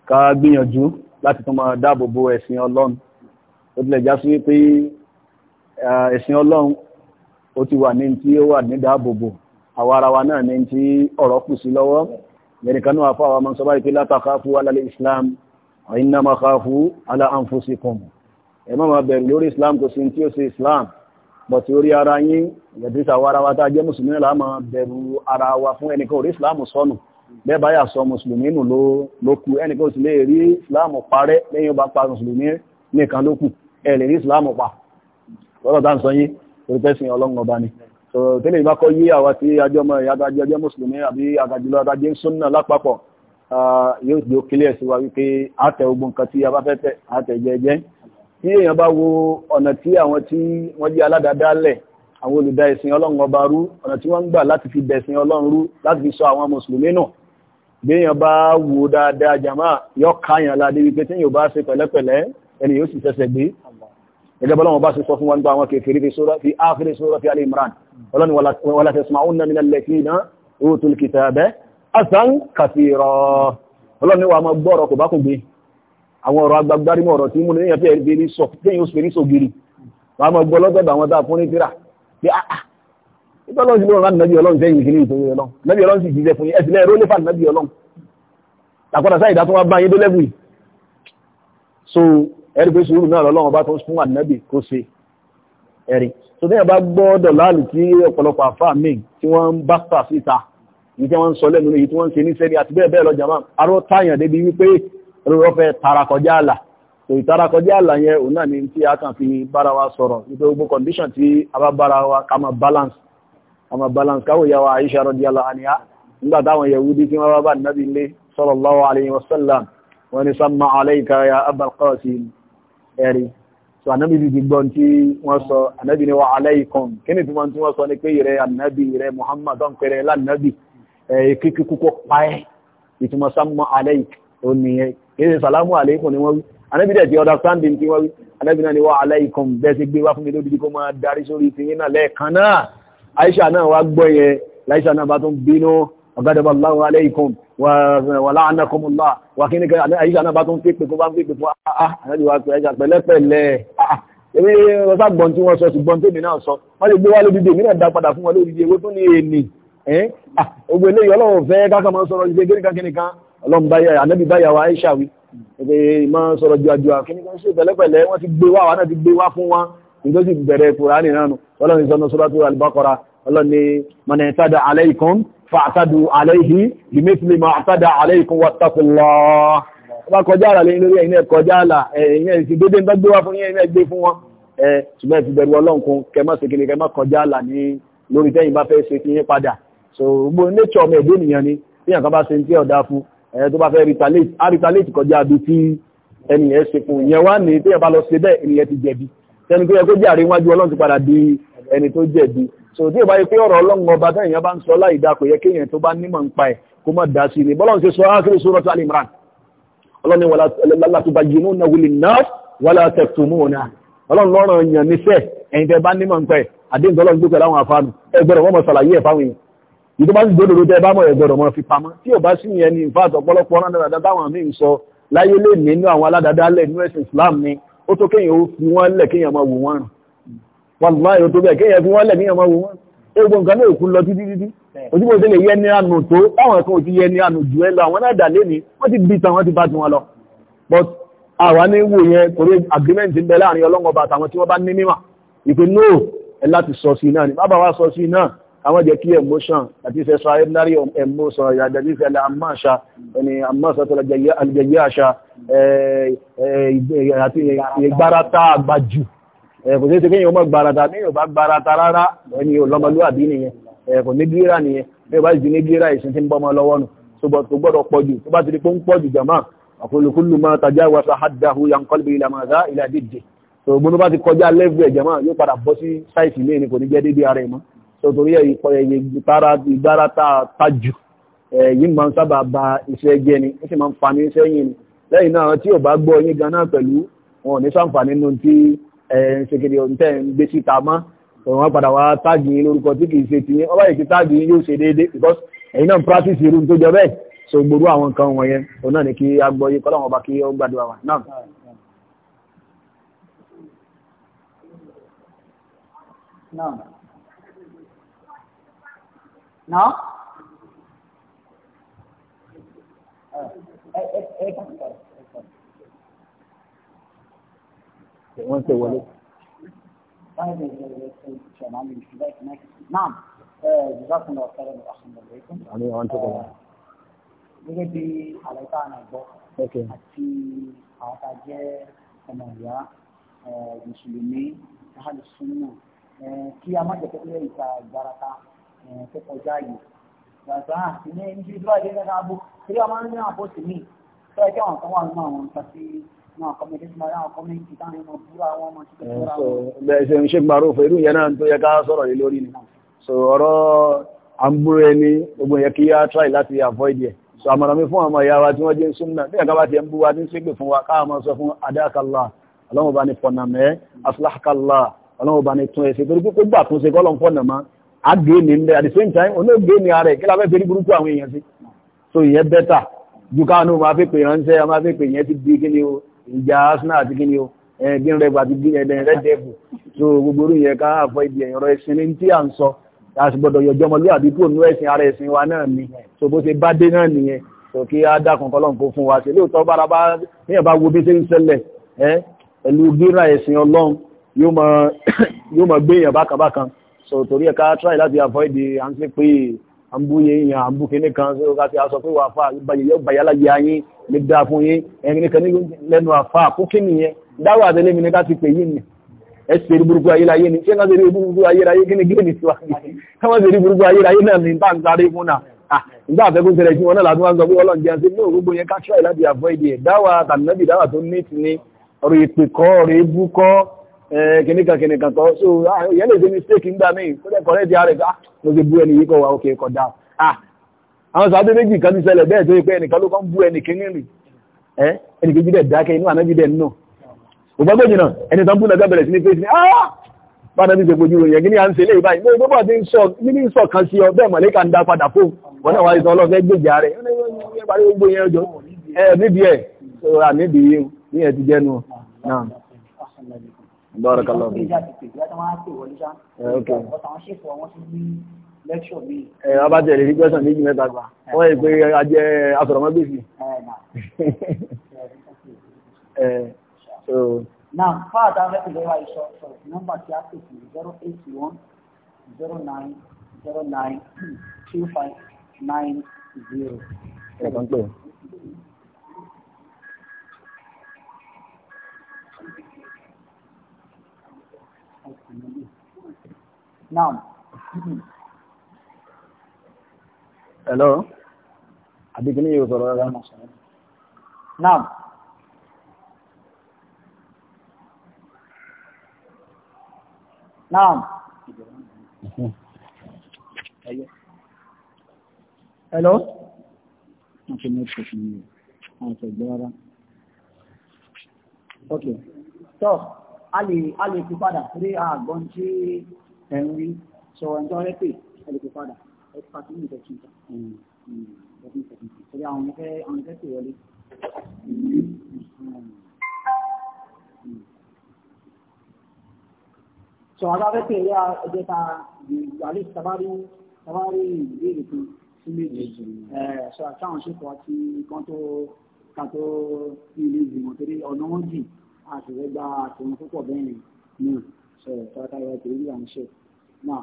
ká gbìyànjú láti tún máa dáàbò bo ẹ̀sìn ọlọ́run ó tilẹ̀ já sí wípé ah, ẹ̀sìn ọlọ́run ó ti wà ní tí ó wà ní dáàbò bo àwọn ara wa náà ní tí ọ̀rọ̀ kù sí lọ́wọ́ mẹ́rìnkánú àfáwà mọ́ sọ báyìí pé látàkáfú alálẹ́ islam wa innama khafu ala anfusikum ẹ má máa bẹ̀rù lórí islam kò sí tí ó ṣe islam bọ̀tí orí ara yín ìyẹ̀dísà wa ara wa tá a jẹ́ mùsùlùmí là bẹ̀rù ara wa fún ẹnìkan orí islam sọnù bẹ́ẹ̀ báyà sọ mùsùlùmí nù ló kù ẹnìkan sì lè rí islam parẹ́ lẹ́yìn ó bá pa mùsùlùmí nìkan ló kù ẹ lè rí islam pa lọ́dọ̀ tá à ń sọ yín torí tẹ́sìn ọlọ́run ọba ni tẹ́lẹ̀ ìbá kọ́ yí àwa tí ajọ́ ọmọ ìyá adájọ́ tí èèyàn bá wo ọ̀nà tí àwọn tí wọ́n jẹ́ aládàádálẹ̀ àwọn olùdá ẹ̀sìn ọlọ́run ọba rú ọ̀nà tí wọ́n ń gbà láti fi dẹ̀sìn ọlọ́run rú láti fi sọ àwọn mùsùlùmí náà bí èèyàn bá wo dáadáa jàmá yọ káyàn ládé wípé tí yóò bá ṣe pẹ̀lẹ́pẹ̀lẹ́ ẹni yóò sì ṣẹ̀ṣẹ̀ gbé gẹ́gẹ́ bọ́lọ́wọ́ bá ṣe sọ fún wa nípa àwọn kèfèrí fi áfírí sọ́rọ̀ fi Al-Imran ọlọ́ni wala tasma'unna minal ladhina utul kitaba asan kathira ọlọ́ni wa máa gbọ́rọ̀ kò bá kò gbé àwọn ọ̀rọ̀ agbagbarímọ̀ ọ̀rọ̀ tí múni èèyàn fẹ́ẹ̀ rí rí sọ tí èèyàn ó fẹ́ẹ̀ rí sọ gírí wàá mọ gbọ́ lọ́sọ̀dọ̀ àwọn tá a fún ní tíra pé áà ah, ah, nígbà lọ́n sí lọ́run láti nàbí ọlọ́run sẹ́yìn ìkíní ìtòrí ọlọ́run nàbí ọlọ́run sì jíjẹ fún yín ẹ̀sìn lẹ́ẹ̀rọ lè fà so ẹ̀rí pé sùúrù náà lọ́lọ́run bá tó ń fún ànábì kó ṣe ẹ̀rí so ní ẹ̀bá gbọ́ọ̀dọ̀ láàlù tí ọ̀pọ̀lọpọ̀ àfà míì tí wọ́n ń bá fà síta èyí tí wọ́n ń sọ lẹ́nu èyí tí wọ́n olóòwò fẹ́ tarakọjá àlà so ìtarakọjá àlà yẹn òun náà ni tí a kàn fi bára wa sọ̀rọ̀ nítorí gbogbo condition tí a bá bára wa ká balance kama balance káwò yà wa Aisha radiyallahu anha nígbà táwọn Yahudi tí wọ́n bá bá nàbí ilé sallallahu wa sallam wọ́n ya Abal Qasim ẹ̀rí so anabi ti gbọ́ tí ni wa alaykum kí ni tí ni pé ìrẹ́ anabi ìrẹ́ Muhammad ọ̀n pẹ̀rẹ̀ lánàbì ẹ̀ẹ́kíkí kúkọ́ pa ẹ́ ìtumọ̀ samma alayka ó nìyẹn kìí ṣe sàlámù àlékún ni wọ́n wí anábì dẹ̀ ti understanding tí wọ́n wí anábì náà ni wọ́n aláìkùn bẹ́ẹ̀ sí gbé wá fún mi lódìdí kó máa darí sórí ti yín náà lẹ́ẹ̀kan náà Aisha náà wá gbọ́ yẹn Aisha náà bá tún bínú ọ̀gádàbà láwọn aláìkùn wà láàánàkùnmùlá wà kí ní kẹ́ Aisha náà bá tún pípẹ́ kó bá pípẹ́ fún anábì ah, ah, wá pẹ̀lẹ́pẹ̀lẹ́ èmi ah, ọ̀sá tí wọ́n sọ ṣùgbọ́n tèmi náà sọ wọ́n gbé wá lódìdí èmi náà ọlọ́run báyà ànábì báyà wa aisha wí pé ìmọ̀ sọ̀rọ̀ juajua kí ni kan ṣe pẹ̀lẹ́pẹ̀lẹ́ wọ́n ti gbé wá àwọn náà ti gbé wá fún wọn suratu al-Baqara ọlọ́run ni man i'tada alaykum fa'tadu alayhi bimithli ma i'tada alaykum wattaqullah ọba kọjá àlà lẹ́yìn lórí ẹ̀yin ẹ̀kọjá àlà ẹ̀yin ẹ̀sìn dédé ń bá gbé wá fún yín ẹ̀yin ẹ̀gbé fún wọn ẹ̀ ṣùgbọ́n ẹ̀fì bẹ̀rù ọlọ́nkun kẹmà sèkìlì kẹmà kọjá àlà ní lórí tẹ́yìn bá fẹ́ ṣe fi yín padà so gbogbo nature ọmọ ni bí yàn kan ẹ̀yẹ tó bá fẹ́ retaliate a retaliate kọjá bí tí ẹnìyẹn ṣe fún ìyẹn wá ní tí ẹ bá lọ ṣe bẹ́ẹ̀ ènìyàn ti jẹ̀bi tẹni tó yẹ kó jàre wájú ọlọ́run ti padà di ẹni tó jẹ̀bi so tí ìbáyé pé ọ̀rọ̀ ọlọ́run ọba tẹ́ èèyàn bá ń sọ láì dá ni bọ́lọ́run ṣe sọ ákéré sọ́rọ́ tó alẹ́ imran na wuli náà wàlá tẹ̀tù mú ọ̀nà ọlọ́run lọ́rọ̀ yàn níṣẹ́ ẹ̀yin tẹ́ bá nímọ̀ ń pa ẹ̀ àdéhùn tọ́lọ́run ìdí bá sì gbódò ló tẹ́ bá mọ̀ ẹ̀ gbọ́dọ̀ mọ́ fi pamọ́ tí ò bá sì yẹn ní ìfà àtọ̀pọ̀lọpọ̀ ọ̀nà dáadáa táwọn míì sọ láyé lè nínú àwọn aládàádáálẹ̀ nínú ẹ̀sìn Islam ni ó tó kéèyàn ó fi wọ́n lẹ̀ kéèyàn máa wò wọ́n rùn wàlúwà yóò tó bẹ́ẹ̀ kéèyàn fi wọ́n lẹ̀ kéèyàn máa wò wọ́n egbò àwọn jẹ́ kí emotion àti sexual ordinary emotion ìyàjẹ̀bí fẹ́lẹ̀ àmáṣà ẹni àmáṣà tó lẹ́gbẹ̀gbẹ̀ àṣà àti ìgbárata àgbàjù kò sí kéyàn mọ́ gbárata ní yóò bá gbárata rárá ẹni olọmọlúwàbí nìyẹn kò ní gíra nìyẹn bí ó bá jì ní gíra ìsin tí ń bọ́mọ lọ́wọ́ nù tó gbọ́dọ̀ pọ̀jù tó bá ti di pé ń pọ̀jù jama àkọlùkúlù máa tajawasa haddahu yanqalbu ila maza torí ẹ̀ ìpọ̀ ẹ̀yẹ ìgbára tajù èyí máa ń sábà ba iṣẹ́ jẹ́ ni ó sì máa ń fa ní iṣẹ́ yìí ni lẹ́yìn náà tí ò bá gbọ́ yín gan náà pẹ̀lú wọn ò ní sàǹfààní nínú tí ẹ̀ ń ṣe kéde ohun tẹ́ ń gbé síta mọ́ wọ́n padà wá táàgì yín lórúkọ tí kìí ṣe tiyín ọba yìí ti táàgì yín yóò ṣe déédéé because ẹ̀yin náà practice irú tó jọ bẹ́ẹ̀ so gbogbo àwọn nǹkan wọ̀nyẹn òun náà ni kí a gbọ́ yín kọ́lọ́wọ́n ọba No. Eh, ṣe wọlé. eh. ni ìwé ṣe ṣẹ̀nà mi ìṣúgbà ìpínlẹ̀ náà ìjọba ọ̀sẹ̀rẹ̀ ọ̀sẹ̀rẹ̀ àmì ọ̀hún tó kọ̀wá. gẹ́gẹ́ bí àlẹ́ká àná gbọ́ àti àwọn tá a jẹ́ ọmọ ìyá eh, mùsùlùmí ahàlùsùn náà eh, kí a má jẹ́ pé ìrìn eh, tó kọjá yìí gbàgbá àti ní ibi tí wọ́n ti ń ká bó torí ọmọ ní àpótí mi tó ẹjọ́ àwọn kan wà nínú àwọn nǹkan tí náà kọ́mẹ́tì tí máa kọ́mẹ́tì táwọn ọmọ búra wọn máa ti tẹ̀síwọ́ra wọn. bẹ́ẹ̀ ṣe ń ṣe gbàrú òfin irú yẹn náà tó yẹ ká sọ̀rọ̀ yìí lórí ni so ọ̀rọ̀ àbúrò ẹni gbogbo yẹ kí á try láti avoid yẹ so àmọ̀ràn mi fún ọmọ ìyá wa tí wọ́n jẹ́ súnmọ́ bí ẹ̀ka bá ti ń bú wa ní sígbè fún wa káà máa sọ fún adákàlá ọlọ́run bá ní fọ̀nàmẹ́ aflákàlá ọlọ́run bá ní tún ẹ̀sẹ̀ torí pé gbà tún ṣe kọ́lọ̀ ń fọ̀nàmọ́ àgbé ní at the same time olóògbé ní ara ẹ̀ kí lábẹ́ fẹ́rí burúkú àwọn èèyàn sí so ìyẹn bẹ́tà dukanu máa fi pè ránṣẹ́ a máa fi pè yẹn ti di kí ni o ìjà arsenal àti kí ni o ẹ̀ẹ́dín rẹ̀ àti bí ẹ̀ẹ́dín rẹ̀ dẹ́fù so gbogbo orí yẹn ká àfọ ibi ẹ̀yìn ọ̀rọ̀ ẹ̀sìn ní tí à ń sọ láti gbọdọ̀ yọjọ́ ọmọlúwàbí kúrò nínú ẹ̀sìn ara ẹ̀sìn wa náà ni so bó ṣe bá dé náà nìyẹn so kí á dákun kọlọ́n kó fún wa ṣe lóòótọ́ bára bá níyàn bá wo bí ṣe ń ṣẹlẹ̀ ẹ́ pẹ̀lú gíra ẹ̀sìn ọlọ́run yóò mọ gbé èèyàn bákan bákan so torí ẹ̀ka try láti avoid à ń pè pé à ń bú yẹn yàn à ń bú kíní kan so ká ti aṣọ pé wà fà yóò bàyá láyé ayé lè dáa fún yín ẹ̀yìn nìkan ní lẹ́nu àfà kó kí nìyẹn dáwà àtẹlé mi ní ká ti pè yín ni ẹ ṣe rí burúkú ayérayé ni ṣé ká ṣe rí burúkú ayérayé kí ni gíní tiwa ká má ṣe rí burúkú ayérayé náà ní bá ń sáré fún náà ìgbà àfẹ́kùn tẹ̀lẹ̀ tí wọn náà látún wá ń sọ pé ọlọ́run jẹ́ sí ní òrùgbò yẹn ká try láti avoid ẹ̀ dáwà tàbí náà dáwà tó neat ni ọ̀rọ̀ ìpè kọ́ ọ̀rọ̀ ebú kọ́ Eh, kìnníkan kìnníkan kọ́ so ah, ìyẹn lè ṣe mistake ń gbà mí ó dẹ̀ kọ́rẹ́ di ààrẹ mo ṣe bú ẹni yìí kọ́ wa òkè kọ̀ dá ah, àwọn sàbí méjì kan ti ṣẹlẹ̀ bẹ́ẹ̀ tó yẹ pé ẹnìkan ló kàn bú ẹnì kìíní rì ẹ eh, ẹnì kejì dẹ̀ dákẹ́ inú ànábì dẹ̀ nù ògbọ́gbọ́ jìnà ẹni tán bú nàgbà bẹ̀rẹ̀ sí ní pé sí ah bára bí ṣègbòjú rẹ̀ gíní à ń ṣe lè báyìí ní ọgbọ́gbọ́ àti níní sọ kan sí ọ bẹ́ẹ̀ mọ̀lẹ́kà ń dá padà fún wọn náà wáyé tán ọlọ́fẹ́ gbèjà rẹ̀ eh, níbi ẹ̀ níbi ẹ̀ ní ẹ̀ ti jẹ́nu náà bọ́ọ̀rọ̀ kan lọ́wọ́. ẹ ọba tẹ̀lé rí pẹ́sàn méjì mẹ́ta gbà wọ́n yìí pé ajẹ́ asọ̀rọ̀mọ́gbèsì. Now, fáà tá a fẹ́ tẹ̀lé wa ìṣọ́ sọ̀rọ̀ nọ́mbà tí a pè sí zero eight one zero nine zero nine two five nine zero. Ẹ̀kan pè é. Now. Hello. Àbíkíní yóò sọ̀rọ̀ rárá. Now. Now. Hello. Okay, next question. Answer, brother. Okay. So, a lè fi padà sí àgbọn tí so ẹ̀ ń rí sọ ẹjọ́ rẹ pé ẹ lè kó padà ẹ ti pàṣẹ ní ìtẹ̀kì ìta ẹ̀yà àwọn ìfẹ́ àwọn ìfẹ́ sì wọlé. Mm. sọ adáfẹ́ pé ẹ̀yà ẹ̀jẹ̀ ta àlè tabari tabari ìbéèrè kan sí méjì sọ àtàwọn ṣèkọ àti kan tó kan tó ilé ìgbìmọ̀ torí ọ̀nà wọn jì àtìwẹ́gbà àtìwọn púpọ̀ bẹ́ẹ̀ náà so ta ta ya ti rí à ń ṣe náà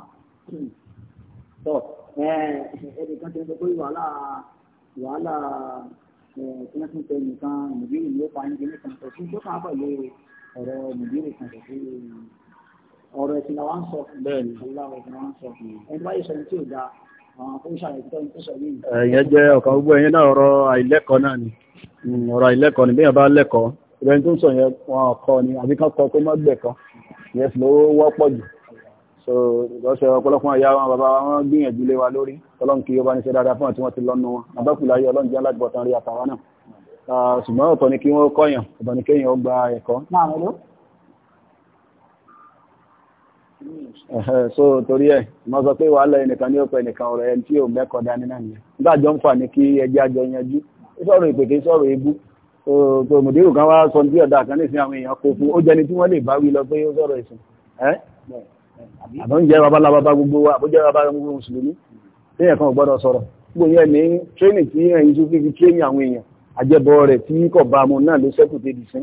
so ẹnì kan ti ń sọ pé wàhálà wàhálà tí wọ́n ti ń pè nìkan nìbírì ló pa ní ilé kan tẹ̀sí tó kà á pẹ̀lú ọ̀rọ̀ nìbírì kan tẹ̀sí ọ̀rọ̀ ẹ̀sìn làwọn ń sọ bẹ́ẹ̀ni ọ̀làwọ̀ ẹ̀sìn làwọn ń sọ ẹni báyìí sọ ní tí ò dáa àwọn akóńṣà ìtọ́ ní tó sọ yìí. ẹ̀yẹ́ jẹ́ ọ̀kan gbogbo ẹ̀yìn náà ọ̀rọ̀ àìlẹ́kọ̀ọ́ náà ni hmm, ọ̀rọ̀ àìlẹ́kọ̀ọ́ ni bí yes ló wọ́pọ̀ jù so ìgbọ́sẹ̀ ọ̀pọ̀lọpọ̀ àyà wọn bàbá wọn gbìyànjú lé wa lórí ọlọ́run kí ó bá ní ṣe dáadáa fún àti wọ́n ti lọ́nu wọn abẹ́kùnlé ayé ọlọ́run jẹ́ láti bọ̀tán rí àtàwọn náà ṣùgbọ́n ọ̀tọ̀ ni kí wọ́n kọ́yàn ọ̀tọ̀ ni kéèyàn ó gba ẹ̀kọ́. so torí ẹ̀ mo sọ pé wàhálà ẹnìkan ní ọ̀pọ̀ ẹnìkan ọ̀rọ̀ ẹni tí ò mẹ́kọ̀ọ́ dání náà nìyẹn nígbà jọ ń fà ní kí ẹjẹ́ àjọ yanjú sọ̀rọ̀ ìpèké sọ̀rọ̀ ebú tó mùdírù kan wá sọ ní ọ̀dà kan nísìn àwọn èèyàn kó fún ó jẹni tí wọ́n lè bá wí lọ pé ó sọ̀rọ̀ ẹ̀sìn àbọ̀ ń jẹ́ babalábábá gbogbo wa àbójẹ́ babalábá gbogbo mùsùlùmí téèyàn kan ò gbọ́dọ̀ sọ̀rọ̀ gbogbo yẹn ní tírénì tí ẹ̀yin tún fi fi tírénì àwọn èèyàn àjẹbọ rẹ̀ tí kò bá mu náà ló sẹ́kù tèdì sí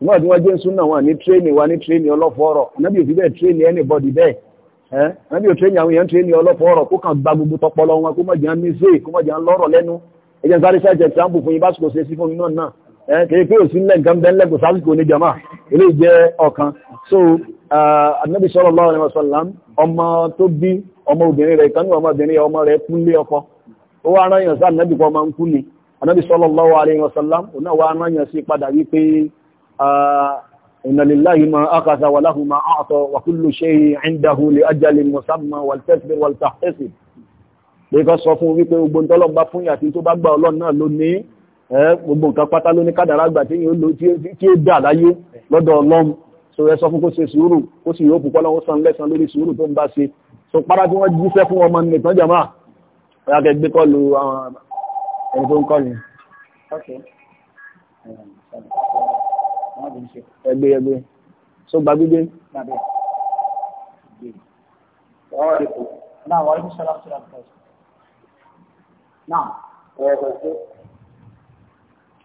nígbà tí wọ́n jẹ́ súnà wọn ní tírénì wa ní tírénì ọlọ́fọ̀ọ́rọ̀ ànábì òfin bẹ́ẹ̀ tírénì anybody bẹ́ẹ̀ ẹ́ ànábì òtírénì àwọn èèyàn tírénì ọlọ́fọ̀ọ́rọ̀ kó kàn gba gbogbo tọpọlọ wọn kó mọ̀jà ń mí sí kó mọ̀jà ń lọ́rọ̀ lẹ́nu ẹ̀jẹ̀ ń sáré sẹ́jẹ̀ tí wọ́n bù fún yín bá sùkò ṣe sí fún yín náà Eh, kìí pé òsì nílẹ̀ nǹkan bẹ́ẹ̀ lẹ́kùn sásìkò ní jama ilé jẹ́ ọ̀kan so anabi sallallahu alaihi wasallam ọmọ tó bí ọmọ obìnrin rẹ̀ ìkanú ọmọ obìnrin ọmọ rẹ̀ kúnlé ọkọ ó wá rán yàn sí anabi kọ́ máa ń kúnlé anabi sallallahu alaihi wasallam ó náà wá rán yàn sí padà wípé inna lillahi ma akhadha wa lahu ma a'ta wa gbogbo nǹkan pátá ló ní kádàrá àgbà tí yóò lò tí ó dà láyé lọ́dọ̀ ọlọ́run so ẹ sọ fún kó ṣe sùúrù ó sì yóò púpọ̀ lọ́wọ́ san lẹ́san lórí sùúrù tó ń bá ṣe so para bí wọ́n jíṣẹ́ fún ọmọ nìkan jàmá ọ̀yàkẹ́ gbé kọlu àwọn ẹni tó ń kọlu ẹgbẹ́ ẹgbẹ́ so gbàgbígbé Now, what is the last one? Now,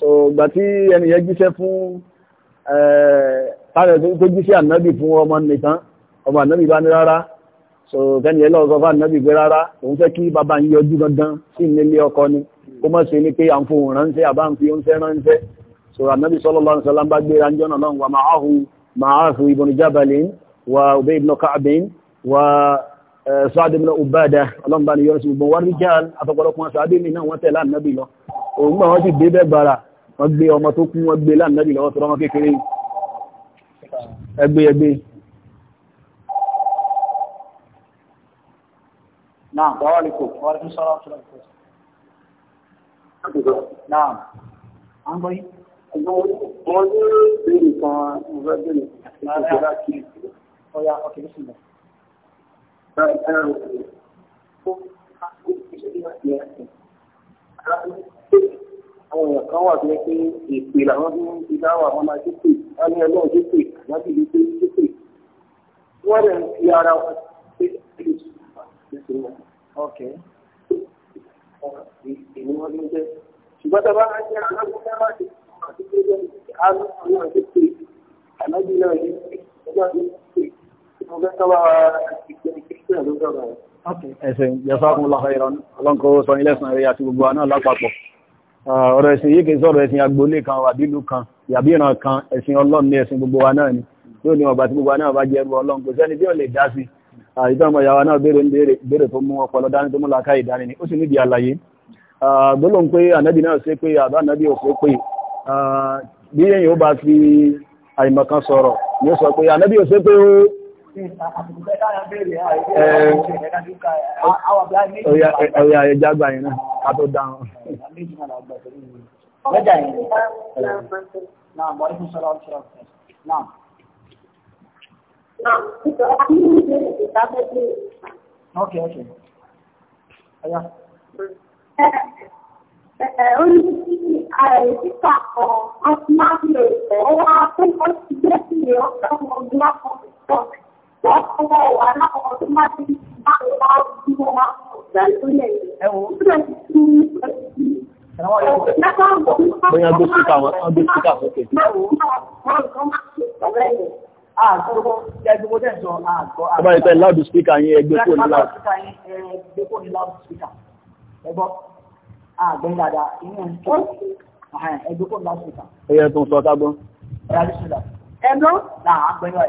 so gbà tí ẹnìyẹn jíṣẹ́ fún ààrẹ tó jíṣẹ́ ànábì fún ọmọ nìkan ọmọ ànábì bá ní rárá so kẹ́nìyẹn lọ sọ fún ànábì pé rárá òun fẹ́ kí bàbá ń yọjú gangan sí nílé ọkọ ni ó mọ̀ sí ni pé à ń fohùn ránṣẹ́ àbá ń fi oúnṣẹ́ ránṣẹ́ so ànábì sallallahu alaihi wasallam bá gbéra ń jọ́nà náà wà ma'ahu ma'ahu ibn jabalin wa ubay ibn ka'bin wa sa'd ibn ubada ọlọ́mbà ni yọ́n sí gbogbo wọn rí òun gbà wọ́n ti gbé bẹ́bàrà wọ́n gbé ọmọ tó kú wọ́n gbé láàrín lọ́wọ́ tó rọmọ kékeré ẹgbẹ́ ẹgbẹ́ Thank you àwọn èèyàn kan wà tó yẹ pé èpè làwọn bí wọ́n ti dáwà wọn máa tètè wọn ní ọlọ́run tètè wọn sì lè pé tètè wọ́n lè fi ara wọn tètè tètè wọn. ok. èmi wọn ní jẹ ṣùgbọ́n tí a bá jẹ́ alágbèéká bá ti àti pé jẹ́ alùpùpù náà tètè àlájú náà yẹ ọjọ́ tètè mo fẹ́ sábà ìgbẹ́ ìgbésẹ̀ ló dọ̀rọ̀ rẹ̀. ok ẹ ṣeun jazakumullahu khairan ọlọ́nkọ́ sọ ilé ẹ̀sán rẹ̀ àti gbogbo àná lápapọ̀ ọ̀rọ̀ ẹ̀sìn yìí kìí sọ̀rọ̀ ẹ̀sìn agboolé kan àbílú kan yàbíran kan ẹ̀sìn ọlọ́run ní ẹ̀sìn gbogbo wa náà ni yóò ní ọba tí gbogbo wa náà bá jẹ́ ẹrù ọlọ́run kò sẹ́ni tí ó lè dá sí ìtọ́mọ̀ ìyàwó náà béèrè tó mú ọpọlọ dání tó mú làákà ìdání ni ó sì nídìí àlàyé gbólóhùn pé ànábì náà ṣe pé àbá ànábì ò pé bí èèyàn ó bá fi àìmọ̀kan sọ̀rọ̀ ni ó sọ pé ànábì ò ṣe pé ó Ọ̀yà ẹja gbà yìí náà, ká tó dáhùn. Lọ́jà yìí. Náà, mọ̀ ní fún sọ́lá ọ̀ṣọ́ ọ̀ṣọ́. Náà. Náà, ìjọba ní ìlú ìdájọ́ sí. Okay, okay. Ọ̀yà. Oníṣẹ́ àìsíkà kan, a ti máa ń lò ó wá fún ọ̀sìn jẹ́ sí ọ̀sán ọgbọ́n ọ̀sán. Bóyá gbé síkà wọn, wọ́n gbé síkà sókè. Ọba ìpẹ́ láàdù síkà yín ẹgbẹ́ kò ní láàdù síkà. Ẹgbọ́, àgbẹ́ dáadáa, inú ẹgbẹ́ kò ní láàdù síkà. Ẹyẹ tó ń sọ ká gbọ́. Ẹgbẹ́ náà àgbẹ́ náà.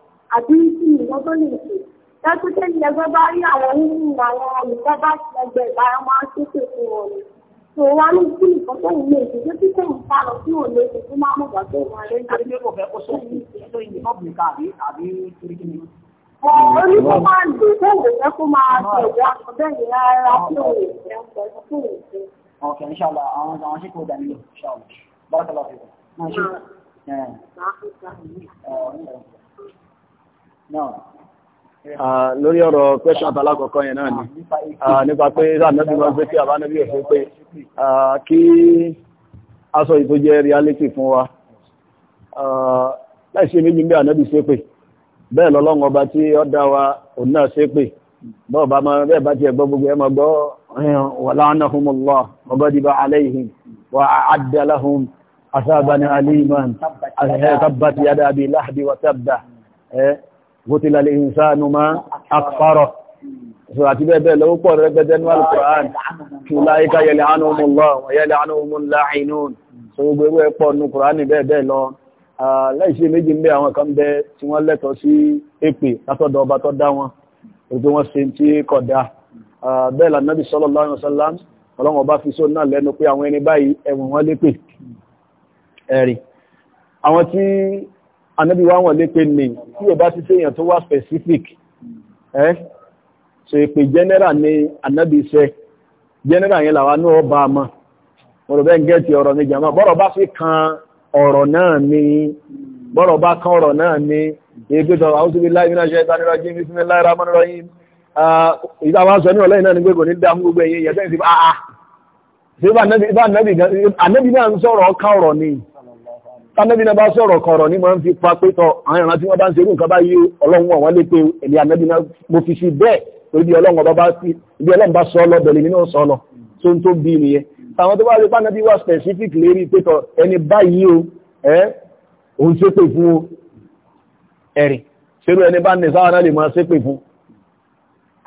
àbí kí nìkan tó lè ṣe dájúdé ni ẹgbẹ́ bá rí àwọn nínú àwọn olùkọ́ bá ti ẹgbẹ́ ìbára máa ń ṣètò fún wọn ni tó wá ní kí nìkan tó lè ṣe tó tí kò ń fa lọ sí òun lè ṣe tó máa mọ̀ gbà tó máa lè ṣe. àti fẹ́ kó sọ fún ìṣẹ́lẹ̀ ìṣọ́bìnrin ká àbí àbí torí kí ni. oníkó máa lò tó wò fẹ́ kó máa tẹ̀wé àkọ́bẹ̀rẹ̀ rárá tí òun lè fẹ́ pẹ̀lú fún òun. ọ̀kẹ́ ìṣàlá àwọn àwọn ṣe kò dání lórí ọ̀rọ̀ pẹ́ṣọ́ àtàlákọ̀ọ́kọ́ yẹn náà ni nípa pé sáàdẹ́bí wọ́n pé tí àbánẹ́bí ò fún pé kí a sọ ìtó jẹ́ reality fún wa láìsí méjì bí ànẹ́bí ṣe pé bẹ́ẹ̀ lọ́lọ́run ọba tí ó dá wa òun náà ṣe pé bọ́ọ̀bá máa bẹ́ẹ̀ bá ti ẹ̀gbọ́ gbogbo ẹ máa gbọ́ wà la'anahumullah wa ghadiba alayhim wa a'adda lahum asaban aliman tabbat yada abi lahdi wa tabba قتل الإنسان ما أكفره سورة بيبي لو قول ربتن والقرآن أولئك يلعنهم الله ويلعنهم اللاعنون سورة بيبي قول القرآن بيبي لو láìsí méjì ń bẹ àwọn kan bẹ tí wọ́n lẹ́tọ̀ọ́ sí èpè látọ̀dọ̀ ọba tó dá wọn ètò wọn ṣe tí kò dá bẹ́ẹ̀ lànàbí sallallahu alaihi wasallam ọlọ́wọ̀n bá fi só náà lẹ́nu pé ẹ̀rí àwọn tí anábí wá wọ̀n lé pé name tí o bá ti ṣe èèyàn tó wá specific ẹ́ so ìpè general ni anábí iṣẹ́ general yẹn làwa náà bá a mọ́ ọ̀rọ̀ bẹ́ẹ̀ ń gẹ́ẹ̀tì ọ̀rọ̀ ní jàmá bọ́rọ̀ bá fi kan ọ̀rọ̀ náà ni bọ́rọ̀ bá kan ọ̀rọ̀ náà ni ègbé tọ́ àwọn òṣèlú láì nínú aṣẹ́ ìtànirọ̀ jí ní sinmi láìra mọ́nirọ̀ yìí ìtawà sọ ní ọ̀lẹ́yìn náà ní gbégbò ní dáa gbogbo ẹ̀yìn ìyẹ̀sẹ̀ ìsìn àà ṣe bá ah, ah. nẹ́bì náà ń sọ̀rọ̀ ọ̀ká ọ̀rọ̀ ni tánẹ́bí náà bá sọ̀rọ̀ kọ̀rọ̀ ní máa ń fi pa pé tọ àwọn ìran tí wọ́n bá ń ṣerú nǹkan báyìí ọlọ́run àwọn lè pe èlé ànẹ́bí náà mo fi sí bẹ́ẹ̀ torí bí ọlọ́run bá sí ibi ọlọ́run bá sọ ọ lọ bẹ̀rẹ̀ nínú sọ lọ tó ń tó bí nìyẹn àwọn tó bá rí pánẹ́bí wà specific lérí pé tọ ẹni báyìí o ẹ òun ṣe pè fún o ẹ̀rì ṣerú ẹni bá ní sáwọn náà lè máa ṣe pè fún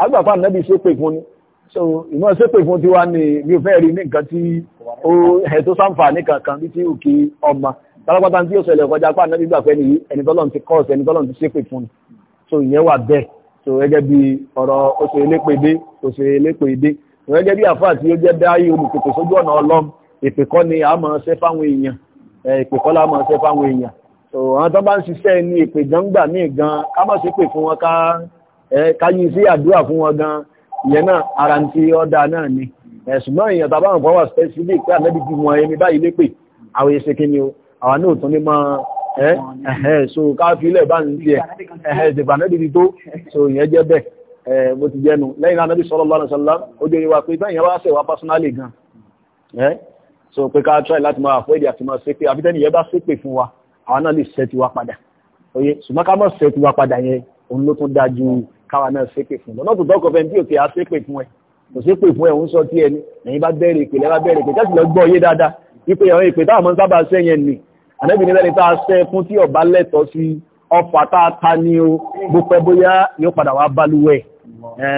agbàpá ànẹ́bí ṣe pè fún ni so ìmọ̀ ṣe pè fún tiwa ni mi ò fẹ́ rí ní nǹkan tí ó ẹ̀ tó sáǹfà ní kankan bí tí òkè ọmọ tọ́lọ́pátá tí ó ṣẹlẹ̀ ọkọjá pà náà gbígbà pẹ́ni ẹni tọ́lọ́n ti kọ́ ọ̀sẹ̀ ti ṣépè fún so ìyẹn wà bẹ́ẹ̀ so gẹ́gẹ́ bí ọ̀rọ̀ ó ṣe elépè dé ó ṣe elépè dé gẹ́gẹ́ bí àfáà tí ó jẹ́ dáyé olùpèpè sójú ọ̀nà ọlọ́m ìpè ni a máa ṣe fáwọn èèyàn ìpè la máa ṣe fáwọn èèyàn so àwọn tó bá ń ṣiṣẹ́ ní ìpè gbangba míì gan ká má ṣe pè fún wọn ká yí sí àdúrà fún wọn gan ìyẹn náà ara ti ọ̀dà náà ni ṣùgbọ́n èèyàn tàbá àwọn kan wà specific pé àmẹ́bí ti wọn ẹni báyìí lépè àwọn èsèkè o àwọn náà tún ní mọ́ ẹ̀ẹ́ so káàfi ilẹ̀ bá ń tí ẹ̀ ẹ̀ẹ́ ìdìbà tó so ìyẹn jẹ́ bẹ́ẹ̀ ẹ̀ mo ti jẹ́nu lẹ́yìn náà nàbí sallallahu alaihi wasallam ó jẹ́ ìwà pé báyìí wá sẹ̀wà pásánálì so pé ká try láti máa àpò èdè àti máa ṣe pé àbítẹ́ni yẹn bá wa àwọn náà oye ṣùgbọ́n ká mọ̀ ṣẹ́ ti wá padà yẹn òun ló tún dáa ju káwa náà ṣe pé fún lọ́nà tó tọ́kọ̀ fẹ́ tí òkè á ṣe pé fún ẹ kò ṣe pé fún ẹ ń sọ ànábì níbẹ̀ ni tá a ṣẹ́ fún tí ọba lẹ́tọ̀ sí ọfà tá a ta ní o gbogbo bóyá ni ó padà wá balùwẹ̀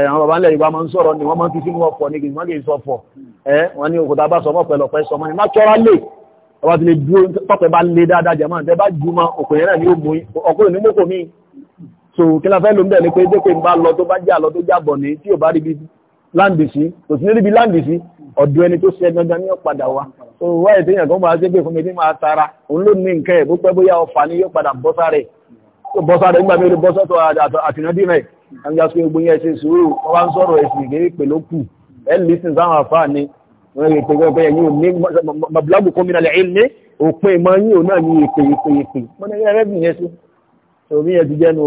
àwọn bàbá ńlẹ̀ Yorùbá máa ń sọ̀rọ̀ ni wọ́n máa ń fi sínú ọ̀fọ̀ ní kìí wọ́n kìí sọ̀fọ̀ wọ́n ní òkúta bá sọmọ́ pẹ̀lú ọ̀pẹ́ sọmọ́ ni naturally ọba ti lè dúró tọ́pẹ́ bá lé dáadáa jẹ̀mọ́ àti ẹ bá jùmọ́ òkùnrin náà ní ògbó ọkùnrin ní mọ́kò míì so kí la fẹ́ ló ń bẹ̀ ni pé dépè ń bá lọ tó bá jà lọ tó jàbọ̀ ní tí ò bá ríbi láǹdì sí kò sí ní ríbi láǹdì sí ọ̀dọ̀ ẹni tó ṣe gangan ní ọ̀padà wa tó wá ìtẹ́yàn kan máa ṣépè fún mi ní máa tara òun ló ní nǹkan ẹ̀ bó pẹ́ bóyá ọfà ni yóò padà bọ́ sáré tó bọ́ sáré nígbà mẹ́rin bọ́ sọ́tọ̀ àtìnádì rẹ̀ àti àṣọ egbò yẹn ṣe sùúrù wọ́n wá ń sọ̀rọ̀ ẹ̀sìn ìgbéré pè ló kù ẹ̀ lísìn sáwọn àfà ni wọ́n rẹ̀ pẹ̀lú ẹgbẹ́ yẹn yóò ní mablagu kọ́mínàlẹ̀ ilé òpin ìmọ̀ yín òun náà ní èpè èpè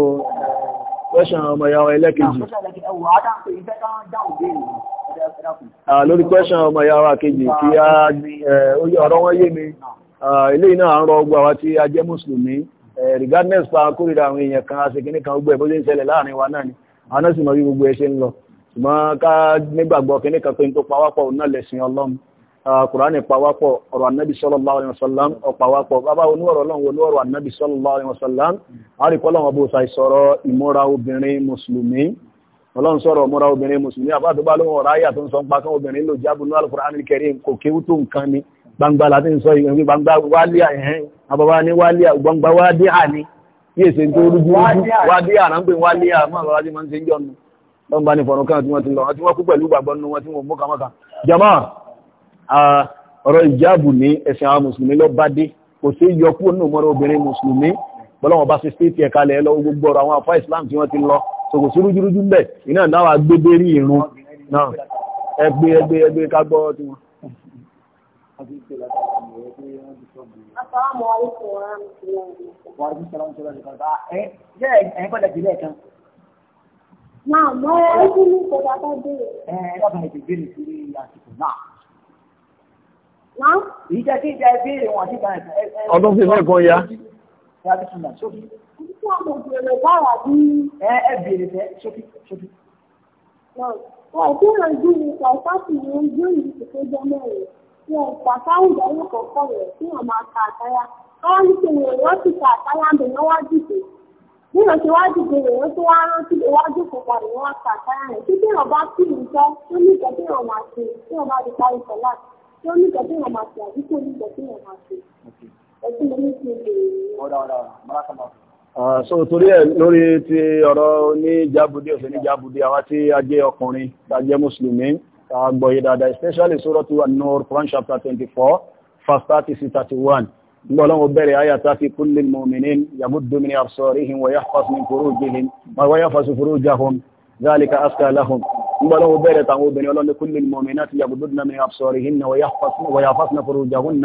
eh, ọmọ ìyàwó ẹlẹ́kejì. Ah, lórí question ọmọ ìyá wa kejì kí a oyè ọ̀rọ̀ wọn yé mi ilé ah, iná à ń rọ ọgbà wa tí a jẹ́ mùsùlùmí eh, regardless pa kórìíra àwọn èèyàn kan aṣèkíní kan gbogbo ẹ̀ bó ṣe ń ṣẹlẹ̀ láàrin wa náà ni àwọn náà sì mọ bí gbogbo ẹ ṣe ń lọ ṣùgbọ́n ká nígbàgbọ́ kíní kan pé n tó pawápọ̀ náà lẹ̀sìn ọlọ́run ah, kùránì pawápọ̀ ọ̀rọ̀ annabi sallallahu alaihi wasallam ọ̀pawápọ̀ bàbá onúọ̀rọ̀ ọlọ́run onúọ̀rọ̀ annabi sallallahu alaihi wasallam àríkọ́lọ́wọ́ bó ṣàìsọ̀rọ̀ ìmúra obìnrin mùsùlùmí ọlọ́run sọ̀rọ̀ mọ́ra obìnrin mùsùlùmí àbádọ́bá ló wọ̀n ráyà tó ń sọ ń pakán obìnrin ló jábù ní Al-Qur'anil Karim kò kéwú tó nǹkan ni gbangba láti ń sọ ìrìn gbangba wálíà ẹ̀hẹ́n àbábá ní wálíà gbangba wádíà ni yí èsè tó rújú wádíà náà ń pè wálíà máa bàbá máa ń ṣe ń jọ lọ́n bá ní fọ̀nù kan tí wọ́n ti lọ àti wọ́n kú pẹ̀lú gbàgbọ́ nu wọn tí wọ́n mú kàmọ́kà jama ọ̀rọ̀ ìjáàbù ní ẹ̀sìn àwọn mùsùlùmí lọ bá dé kò sí yọkú nù mọ́ra obìnrin mùsùlùmí bọ́lọ́wọ́n bá ṣe stéètì ẹ̀kalẹ̀ lọ gbogbo ọ̀rọ̀ àwọn afá ìsìlámù tí wọ́n ti lọ sòkò sí rújúrújú bẹ̀ iná dáwà gbédé rí irun náà ẹgbẹ́ ẹgbẹ́ ẹgbẹ́ kágbọ́ tí wọ́n. Náà mọ́ ẹ́ ẹ́ ní kò bá bá dé. Ẹ ẹ́ bá bá ìbéèrè sí àsìkò náà ọdún sí fẹ́ kan ya láti fún wa sókè. Nígbà mo bèrè bí. Ẹ ẹ bèrè fẹ́ sókè sókè. Wọ́n ti rẹ̀ ju pàṣẹ́sì ní ojú ìlú ìpéjọ mẹ́rin. Wọ́n pàṣẹ́sì ìdáwó kọ̀ọ̀kan rẹ̀ tí wọ́n máa ta àtàyà. Wọ́n ní wọ́n ti ta àtàyà bẹ̀ níwájú ìpè. Bí wọ́n ti wájú ìpè rẹ̀ wọ́n tó wá rántí iwájú kọ̀ọ̀kan rẹ̀ wọ́n ta àtàyà rẹ̀. Títí wọ́n bá kí nǹkan tó ní ìkẹ́ tí máa ṣe tí wọ́n bá di parí sọ̀lá. Ah, so torí ẹ̀ lórí ti ọ̀rọ̀ ní jábúdé òfin ní jábúdé àwa tí a jẹ́ ọkùnrin tá jẹ́ mùsùlùmí dáadáa especially suratu an-nur Quran chapter 24 verse 30 31 gbọ́lọ́wọ́ bẹ̀rẹ̀ ayata fi kulli mu'minin yamuddu min absarihim wa yahfaz min furujihim wa ذلك أزكى لهم بل هو بيرت عن ابن المؤمنات يبددن من أبصارهن ويحفظن, ويحفظن فروجهن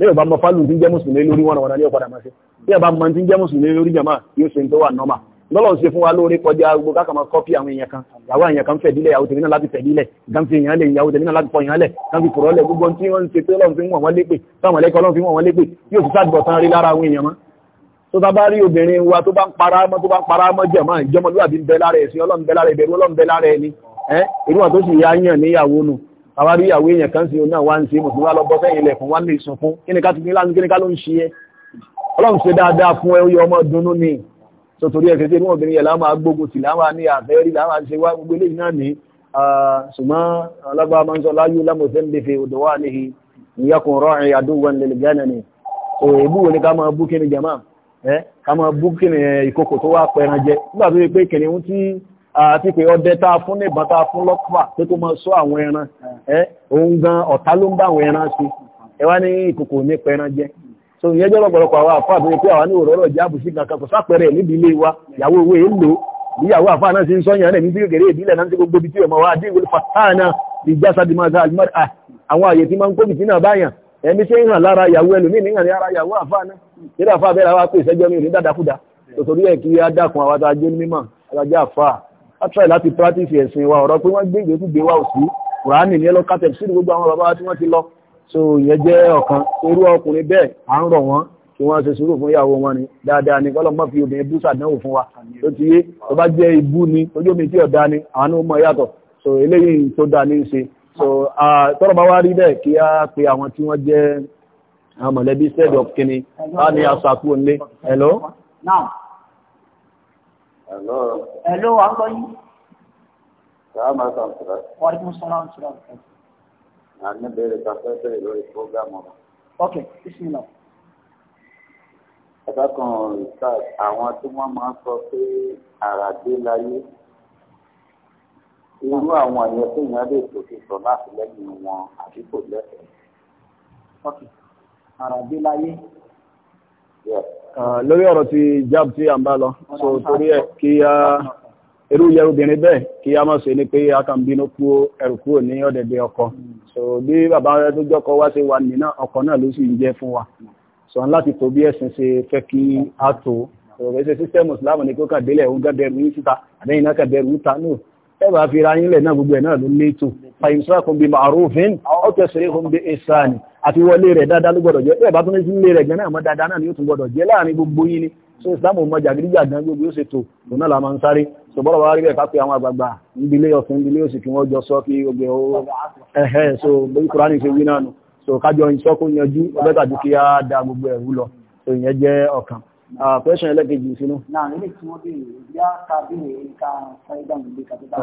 lẹ́yìn ọba mọ́fálù tí ń jẹ́ mùsùlùmí lórí wọn wọn ní ọ̀padà máa ṣe lẹ́yìn ọba mọ́ tí ń jẹ́ mùsùlùmí lórí jàmá yóò ṣe tó wà nọ́mà lọ́lọ́ ṣe fún wa lórí kọjá gbogbo káka máa kọ́pì àwọn èèyàn kan àwọn èèyàn kan fẹ̀dílẹ̀ ìyàwó tèmi náà láti fẹ̀dílẹ̀ kan fi èèyàn lẹ̀ ìyàwó tèmi náà láti fọyàn lẹ̀ kan fi kùrọ̀ lẹ̀ gbogbo tí wọ́n ń ṣe pé ọlọ́run fi ń wọ̀n wọ́n lépè táwọn ẹlẹ́kọ̀ọ́ ọlọ́run fi ń wọ̀n wọ́n lépè yóò fi sáàdùbọ̀ tán rí lára àwọn èèyàn mọ́ tó bá bá rí obìnrin wa tó bá ń para mọ́ tó bá ń para mọ́ jẹ̀mọ́ ìjọmọlúwàbí ń bẹ lára ẹ̀sìn ọlọ́run bẹ lára ìbẹ̀rù ọlọ́run bẹ lára ẹni ẹ̀ irú wọn tó sì yá yàn níyàwó nù àwọn rí àwọn èèyàn kan sí o náà wá ń ṣe mùsùlùmí wá lọ́bọ́ sẹ́yìn ilẹ̀kùn wá ní ìsùn fún kí ni ká ti fi lánàá kí ni ká ló ń ṣe é ọlọ́run ṣe dáadáa fún ẹ ó ọmọ dunnú ni sọ̀tòrí ẹ̀fẹ́ tí wọ́n obìnrin yẹ̀ láwọn agbógun sí láwọn ní àfẹ́rí láwọn ṣe wá gbogbo eléyìí náà ní ni so èbú ni ká máa bú kíni jama ká máa bú kíni ìkòkò tó wá pẹran jẹ nígbà tó yẹ àti pé ọdẹ tá a fún ní ìbọn fún lọ́pàá pé kó máa sọ àwọn ẹran ẹ òun gan ọ̀tá ló ń bá àwọn ẹran sí ẹ ní ìkòkò nípa ẹran jẹ so ìyẹn jẹ́ àwọn àfáà tó ní pé àwọn ní jáàbù sí kankan kò sápẹrẹ wa ìyàwó owó èlò ìyàwó àfáà náà sì ń sọyàn rẹ̀ níbi gèrè ìbílẹ̀ náà ti gbogbo ibi tí ọmọ wa dé ìwé fatáànà ìjásádì máa ga àlùmọ́ àwọn àyè tí máa ń kóbi tínà báyàn ẹ̀mí ṣe ń hàn lára mi ò ní tòtòrí ẹ̀ àwọn àtàjẹ́ àtàjẹ́ àfáà try láti practice ẹ̀sìn wa ọ̀rọ̀ pé wọ́n gbé ìgbékúgbé wa ò sí kùránì ní ẹlọ́ kátẹ̀ sí gbogbo àwọn bàbá tí wọ́n ti lọ so ìyẹn jẹ́ ọ̀kan irú ọkùnrin bẹ́ẹ̀ à ń rọ̀ wọ́n kí wọ́n se sùúrù fún ìyàwó wọn ni dáadáa ni kọ́lọ́ mọ́ fi obìnrin bú sàdánwò fún wa tó ti yé tó bá jẹ́ ibú ni ojú mi tí ọ̀dá ni àánú mọ̀ yàtọ̀ so eléyìí tó dáa ní í ṣe so tọ́rọ̀ bá wá rí bẹ́ẹ̀ kí a pe àwọn tí wọ́n jẹ́ àwọn mọ̀lẹ́bí stead of kini á ní aṣàkóńlé hello. now Hello. Hello, how are you? Salaam alaikum sir. Wa alaikum salam sir. Nanne bere kafa se lori program ọ̀rọ̀. Okay, bismillah. Ẹ̀ka kan ìsáàt àwọn tí wọ́n máa ń sọ pé àràdé láyé. Irú àwọn ẹ̀yẹ tó yàn lè tòkè sọ láti lẹ́yìn wọn àbí kò lẹ́sẹ̀. Okay, àràdé láyé. Yes. Ah, lórí ọ̀rọ̀ ti jab tí a ń bá lọ so torí ẹ̀ kí a irú yẹrù obìnrin bẹ́ẹ̀ kí a má ṣe ní pé a kàn bínú kú ẹrù kúrò ní ọ̀dẹ̀dẹ̀ ọkọ so bí bàbá rẹ tó jọ́kọ wá sí wa nìna ọkọ náà ló sì ń jẹ́ fún wa so n láti tó bí ẹ̀sìn ṣe fẹ́ kí a tó ọ̀rọ̀ ẹ̀sẹ̀ sísẹ́mù ìsìlámù ni kó kà délẹ̀ òun gẹ́gẹ́ yín síta àdéhìn náà kà bẹ̀rù ta náà ẹbà fi ra yínlẹ̀ náà gbogbo ẹ̀ náà ló létò fàyíṣàkùn bí ma'arufin ọ́tẹ̀sẹ̀rẹ̀kùn bí ìsáàni àti wọlé rẹ̀ dáadáa ló gbọ́dọ̀ jẹ́ ẹbà tó ní sí ilé rẹ̀ gan náà mọ́ dáadáa náà ni ó tún gbọ́dọ̀ jẹ́ láàrin gbogbo yín ni so ìsìlámù mọ jàgídíjà gan gbogbo yóò ṣètò òun la máa ń sáré ṣùgbọ́n wàá rí bẹ́ẹ̀ ká pé àwọn àgbààgbà níbilé ọ̀sìn níbilé òsì kí so bí kúránì ṣe wí so kájọ ìṣọ́kó yanjú ọbẹ̀ tàbí kí á da gbogbo so ìyẹn jẹ́ Ah, question ẹlẹ́gẹ̀ẹ́jì sínú. náà ilé tí eh. wọ́n bí ìyá ká bí ìka sáyédàmù ilé kàtẹ́tà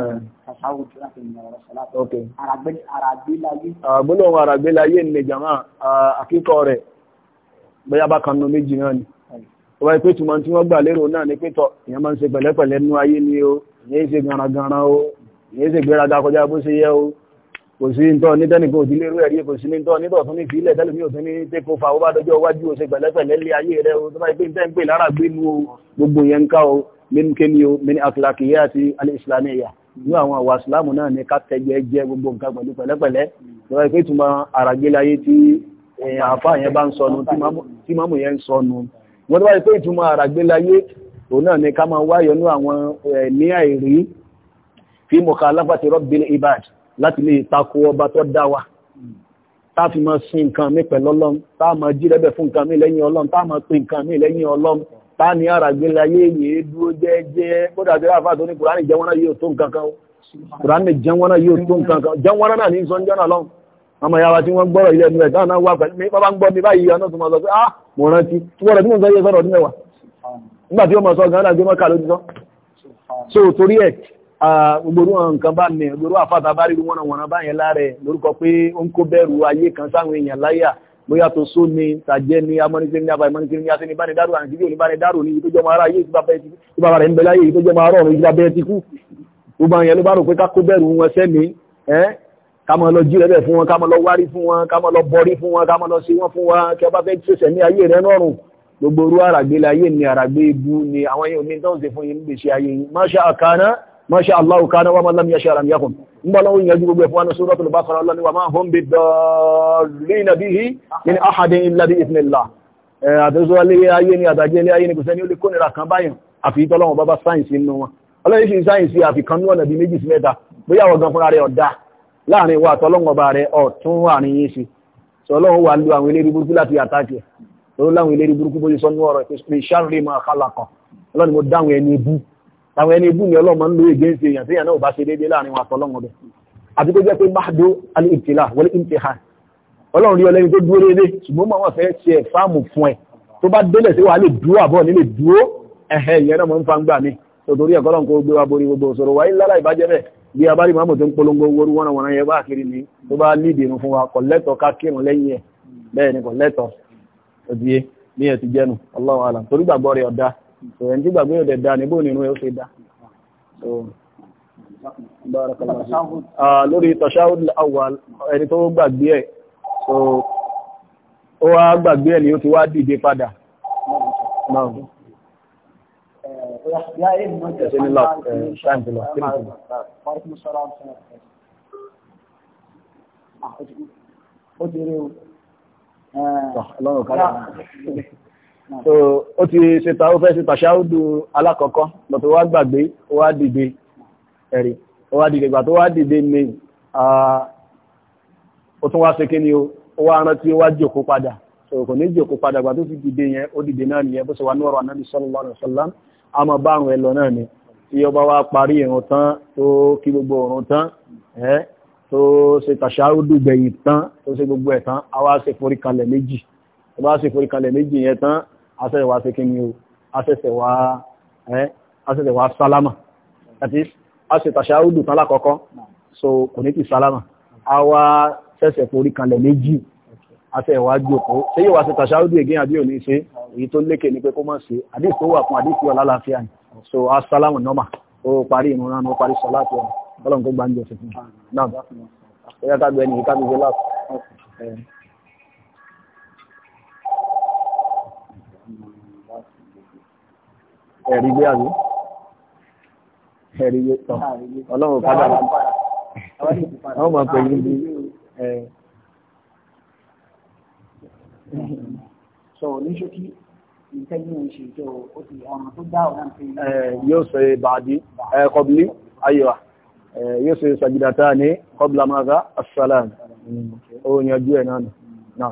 kàṣáwò tó láti ìrìn ọ̀rọ̀ sọ́lá. ok àràgbélayé. àgbélóhùn ah, àràgbélayé ni jama akíkọ́ ah, rẹ̀ bóyá bá kan nu méjì náà ni. wọ́n eh. yẹ pé tùmọ̀ tí wọ́n gbà lérò náà ni pé tọ̀ ìyẹn máa ń ṣe kò sí ntọ́ nítẹ́nìkan òsì lérú ẹ̀rí kò sí nítọ́ nítọ́ tún ní ìfilẹ̀ tẹ́lẹ̀mí òsì ní tẹ́kọ̀ fa ó bá dọjọ́ iwájú òsè pẹ̀lẹ́pẹ̀lẹ́ lé ayé rẹ o tó bá yẹ pé ń tẹ́ǹpé lára gbé nu o gbogbo yẹn ń ká o min kéni o min akilakiyya àti alìsìlámìyà ní àwọn àwa ìsìlámù náà ní ká tẹ́jẹ jẹ gbogbo nǹkan pẹ̀lú pẹ̀lẹ́pẹ̀lẹ́ tó bá yẹ pé tuma àràgbélé ayé tí eh, àfa yẹn bá ń sọnù tí màmú yẹn ń sọnù wọ́n tó bá yẹ pé eh, fi mọ̀ká alápàtì rabbil ibad láti lè tako ọba tó dá wa táà fi máa sin nǹkan mi pẹ̀lú ọlọ́run táà máa jírẹ́bẹ̀ fún nǹkan mi lẹ́yìn ọlọ́run táà máa pe nǹkan mi lẹ́yìn ọlọ́run táà ní àràgbélé ayé èyí dúró jẹ́ẹ́jẹ́ kódà tí ráfà tó ní kùránì jẹ́wọ́n náà yóò tó nǹkan ah mo rántí tí wọ́n rẹ̀ tí mo ń sọ yẹ sọ́rọ̀ ọdún so torí ẹ̀ gbogbo wọn nǹkan bá mi gbogbo àfáàtà bá rí wọn wọn báyẹn láàrẹ lórúkọ pé ó ń kó bẹ̀rù ayé kan sáwọn èèyàn láyà bóyá tó só ni tàjẹ́ ni amọ́nisẹ́ ní abàyẹ mọ́nisẹ́ ní asẹ́ni báni dárò àti ìdílé báni dárò ní ìtọ́jọ́ máa ráyé ìbára rẹ̀ ń bẹ láyé ìtọ́jọ́ ti kú gbogbo àwọn yẹn ló bá rò pé ká kó bẹ̀rù wọn sẹ́mi ká máa lọ jí rẹ̀ fún wọn ká máa lọ wárí fún wọn ká máa lọ bọrí fún orú àràgbé láyé ni àràgbé ibu ni àwọn yẹn ò ní tó ń ṣe fún yín níbi iṣẹ́ ayé yín máṣá àkànná masha Allah kana wa man lam yasha lam yakun mbalo yanju gbogbo e fún wa suratul baqara Allah ni wa ma hum bidallina bihi min ahadin illa bi idhnillah eh adozo ale ayé ni adaje le ayé ni kò sẹ́ni ó lè kó nira kan bayan àfi tọlọ́run baba science nínú wọn Ọlọ́run sì science àfi kan nu ọ̀nà bí méjì sí mẹ́ta bóyá wo gan fún rẹ̀ oda láàrin wa tọlọ́run ọba rẹ̀ ọ̀tún wa ni yin si so Ọlọ́run wa lu àwọn eleri burúkú láti attack e Ọlọ́run eleri burúkú bo so nu ọ̀rọ̀ pe sharri ma khalaqa Ọlọ́run mo dawun ẹni bu àwọn ẹni ibú ni ọlọ́mọ ń lo ègé ń ṣe èèyàn téèyàn náà ò bá ṣe déédéé láàrin wọn àtọlọ́mọ bẹ̀ àti tó jẹ́ pé báàdó alìtìlá wọlé ìtìhà ọlọ́run rí ọlẹ́ni tó dúró déédéé ṣùgbọ́n máa wọ́n fẹ́ ṣe ẹ̀ fáàmù fún ẹ tó bá délẹ̀ sí wàá lè wa borí gbogbo òṣòro wáyé lálá ìbàjẹ́ bẹ́ẹ̀ bí a bá rí kiri ní tó bá lídì irun fún wa ni kò lẹ́tọ̀ òdìye ní ẹ̀ ti Allahu alam torí gbàgbọ́ rẹ̀ ọ̀dá so ẹni tí gbàgbé òdẹ̀ da níbò nínú ẹ ó ṣe dá so lórí tashahud awwal ẹni tó gbàgbé ẹ̀ so ó wá gbàgbé ẹ̀ ni ó ti wá dìde padà náà ẹ̀ṣẹ́ nílọ ṣáà kára so ó ti ṣètà ó fẹ́ ṣètà ṣáúdù alákọ̀ọ́kọ́ lọ tó wá gbàgbé ó wá dìde ẹ̀rí ó wá dìde ìgbà tó wá dìde ni ó tún wá ṣe kí ni ó wá rántí ó wá jòkó padà so kò ní jòkó padà ìgbà tó fi dìde yẹn ó dìde náà nìyẹn bó a máa bá àrùn ẹ lọ náà ni tí ó bá wá parí ìrun tán tó kí gbogbo ìrun tán ẹ́ tó ṣe tàṣáúdù gbẹ̀yìn a wá ṣe foríkalẹ̀ méjì tó bá ṣe asẹ́sẹ̀ wá sí kí ni o asẹ́sẹ̀ wá ẹ́ asẹ́sẹ̀ wá sálámà àti asẹ́ tàṣáhùdù tán lákọ́kọ́ so kò ní ti sálámà a wá sẹ́sẹ̀ forí kanlẹ̀ méjì asẹ́ wá jòkó ṣé yóò wá sí tàṣáhùdù ègéyàn bí ò ní ṣe èyí tó lékè ní pé kó mọ̀ sí so a sálámà nọ́mà ó parí ìrun náà ó parí sọlá àti ọ̀nà ọlọ́run tó gbá ń jọ sí fún un náà yá ká gbé ẹni yìí ká gbé e ẹ̀rí gbé àbí ẹ̀rí gbé tán ọlọ́run padà wọ́n mọ̀ pé yín bí sọ ní ṣókí ìtẹ́yìn oṣù ìjọ ó ti ọ̀nà tó dá ọ̀nà pé yóò ṣe bàdí kọbílí ayọ̀wà yóò ṣe sàgídàtà ní kọbílá mọ́ra asálàmù ó yanjú ẹ̀ náà náà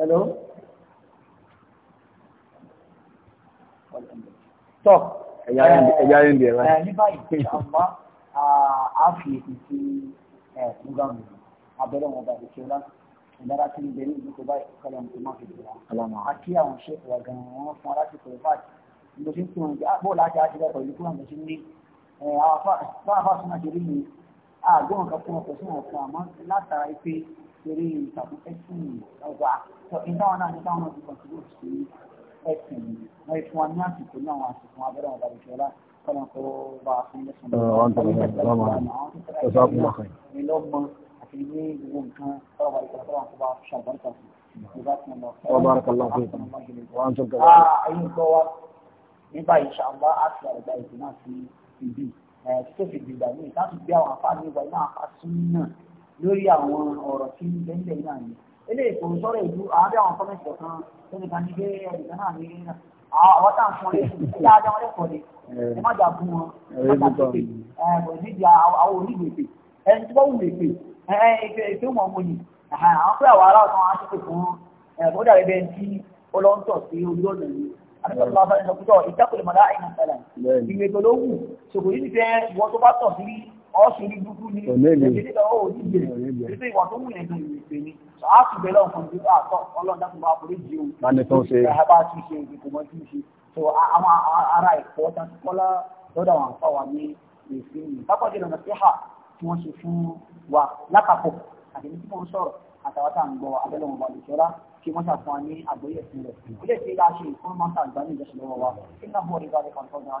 hello tọ́ ẹ̀yà ayé ń bẹ̀rẹ̀ rẹ̀ ní báyìí àmọ́ a fi èsì sí ẹ̀ẹ́dúgbàmù abẹ́rẹ́ wọn bàbá ìṣẹ́lá ìdára tí ń bẹ ní ìdíkọ̀ báyìí kọ́lọ̀ ní má fi dùn wá àti àwọn ṣẹ́kù wa gan-an wọn fún alásìkò ìfáàtì mo ti ń pè wọn jẹ́ ah, bóòlù àti àti bẹ́ẹ̀ pẹ̀lú kúrò àmọ́sí ní àwọn afáàfáà súnmọ́ ṣe rí mi àgbọ̀n kan fún ọkọ̀ sí wọn àmọ́ látara ipe experiência, acontecimento, lugar. Então, nós então nós conseguimos ẹ̀sìn wọn fún wa ní àsìkò náà àsìkò abẹ́rẹ́ wọn bàbá ìṣẹ́lá kọ́nà tó bá a fún lẹ́sùn lọ́wọ́ ní lọ́mọ àti ní gbogbo nǹkan tọ́wọ́ bá ìṣẹ́lá tọ́wọ́ kó bá ṣàgbọ́nkà sí وبارك الله فيك وانتم كذلك. ايوه جوا nípa ìṣàmbá àti àgbà ìdùnnà sí ibi ẹ̀ tó fi dìgbà ní ìtàkùn bí àwọn afáàní ìwà iná àfàsùn náà lórí àwọn ọ̀rọ̀ tí ń bẹ́ńbẹ́ náà ni eléyìí kò sọ̀rọ̀ ìlú àádọ́ àwọn kọ́mẹ́tì kan lórí kan ní pé ẹnìkan náà ní àwọn táwọn fún ọdẹ ẹjẹ ajá wọn lẹ́kọ̀ọ́ ni ẹ má jà fún wọn ọjà pépè ẹ kò ní di àwọn onígbèpè ẹ ń tọ́ wùwèpè ẹ ẹ ètò wọn mo yì àwọn pé àwọn ará ọ̀sán wọn á ti pè fún ẹ kó dàbí bẹ́ẹ̀ tí ọlọ́ńtọ̀ sí ojú ọ̀nà yìí àdúgbò ọ̀sán ìṣọ̀kútọ̀ ìjákulẹ̀ ọ̀ṣùnrin dúdú ni ìdílé ọ̀hún ti bèrè títí ìwà tó mú yẹn ní ìpè ní àti bẹ̀rẹ̀ ọ̀kan tó bá ah, àtọ̀ ọlọ́dà tó bá forí di òun bá ní so àwọn ará ẹ̀kọ́ tàbí kọ́lá lọ́dọ̀ àwọn àǹfà wa ní ìsinmi pápájọ lọ́nà sí hà tí wọ́n ṣe fún wa lápapọ̀ àti ní tí mo ń sọ̀rọ̀ àtàwátà ń gbọ́ abẹ́lẹ̀ wọn balẹ̀ ṣọ́ra kí wọ́n ṣàfún wa ní àgbóyè ìsinmi rẹ̀ ó lè ṣe láṣẹ ìfọ́nmọ́ta ìgbàlejò lọ́wọ́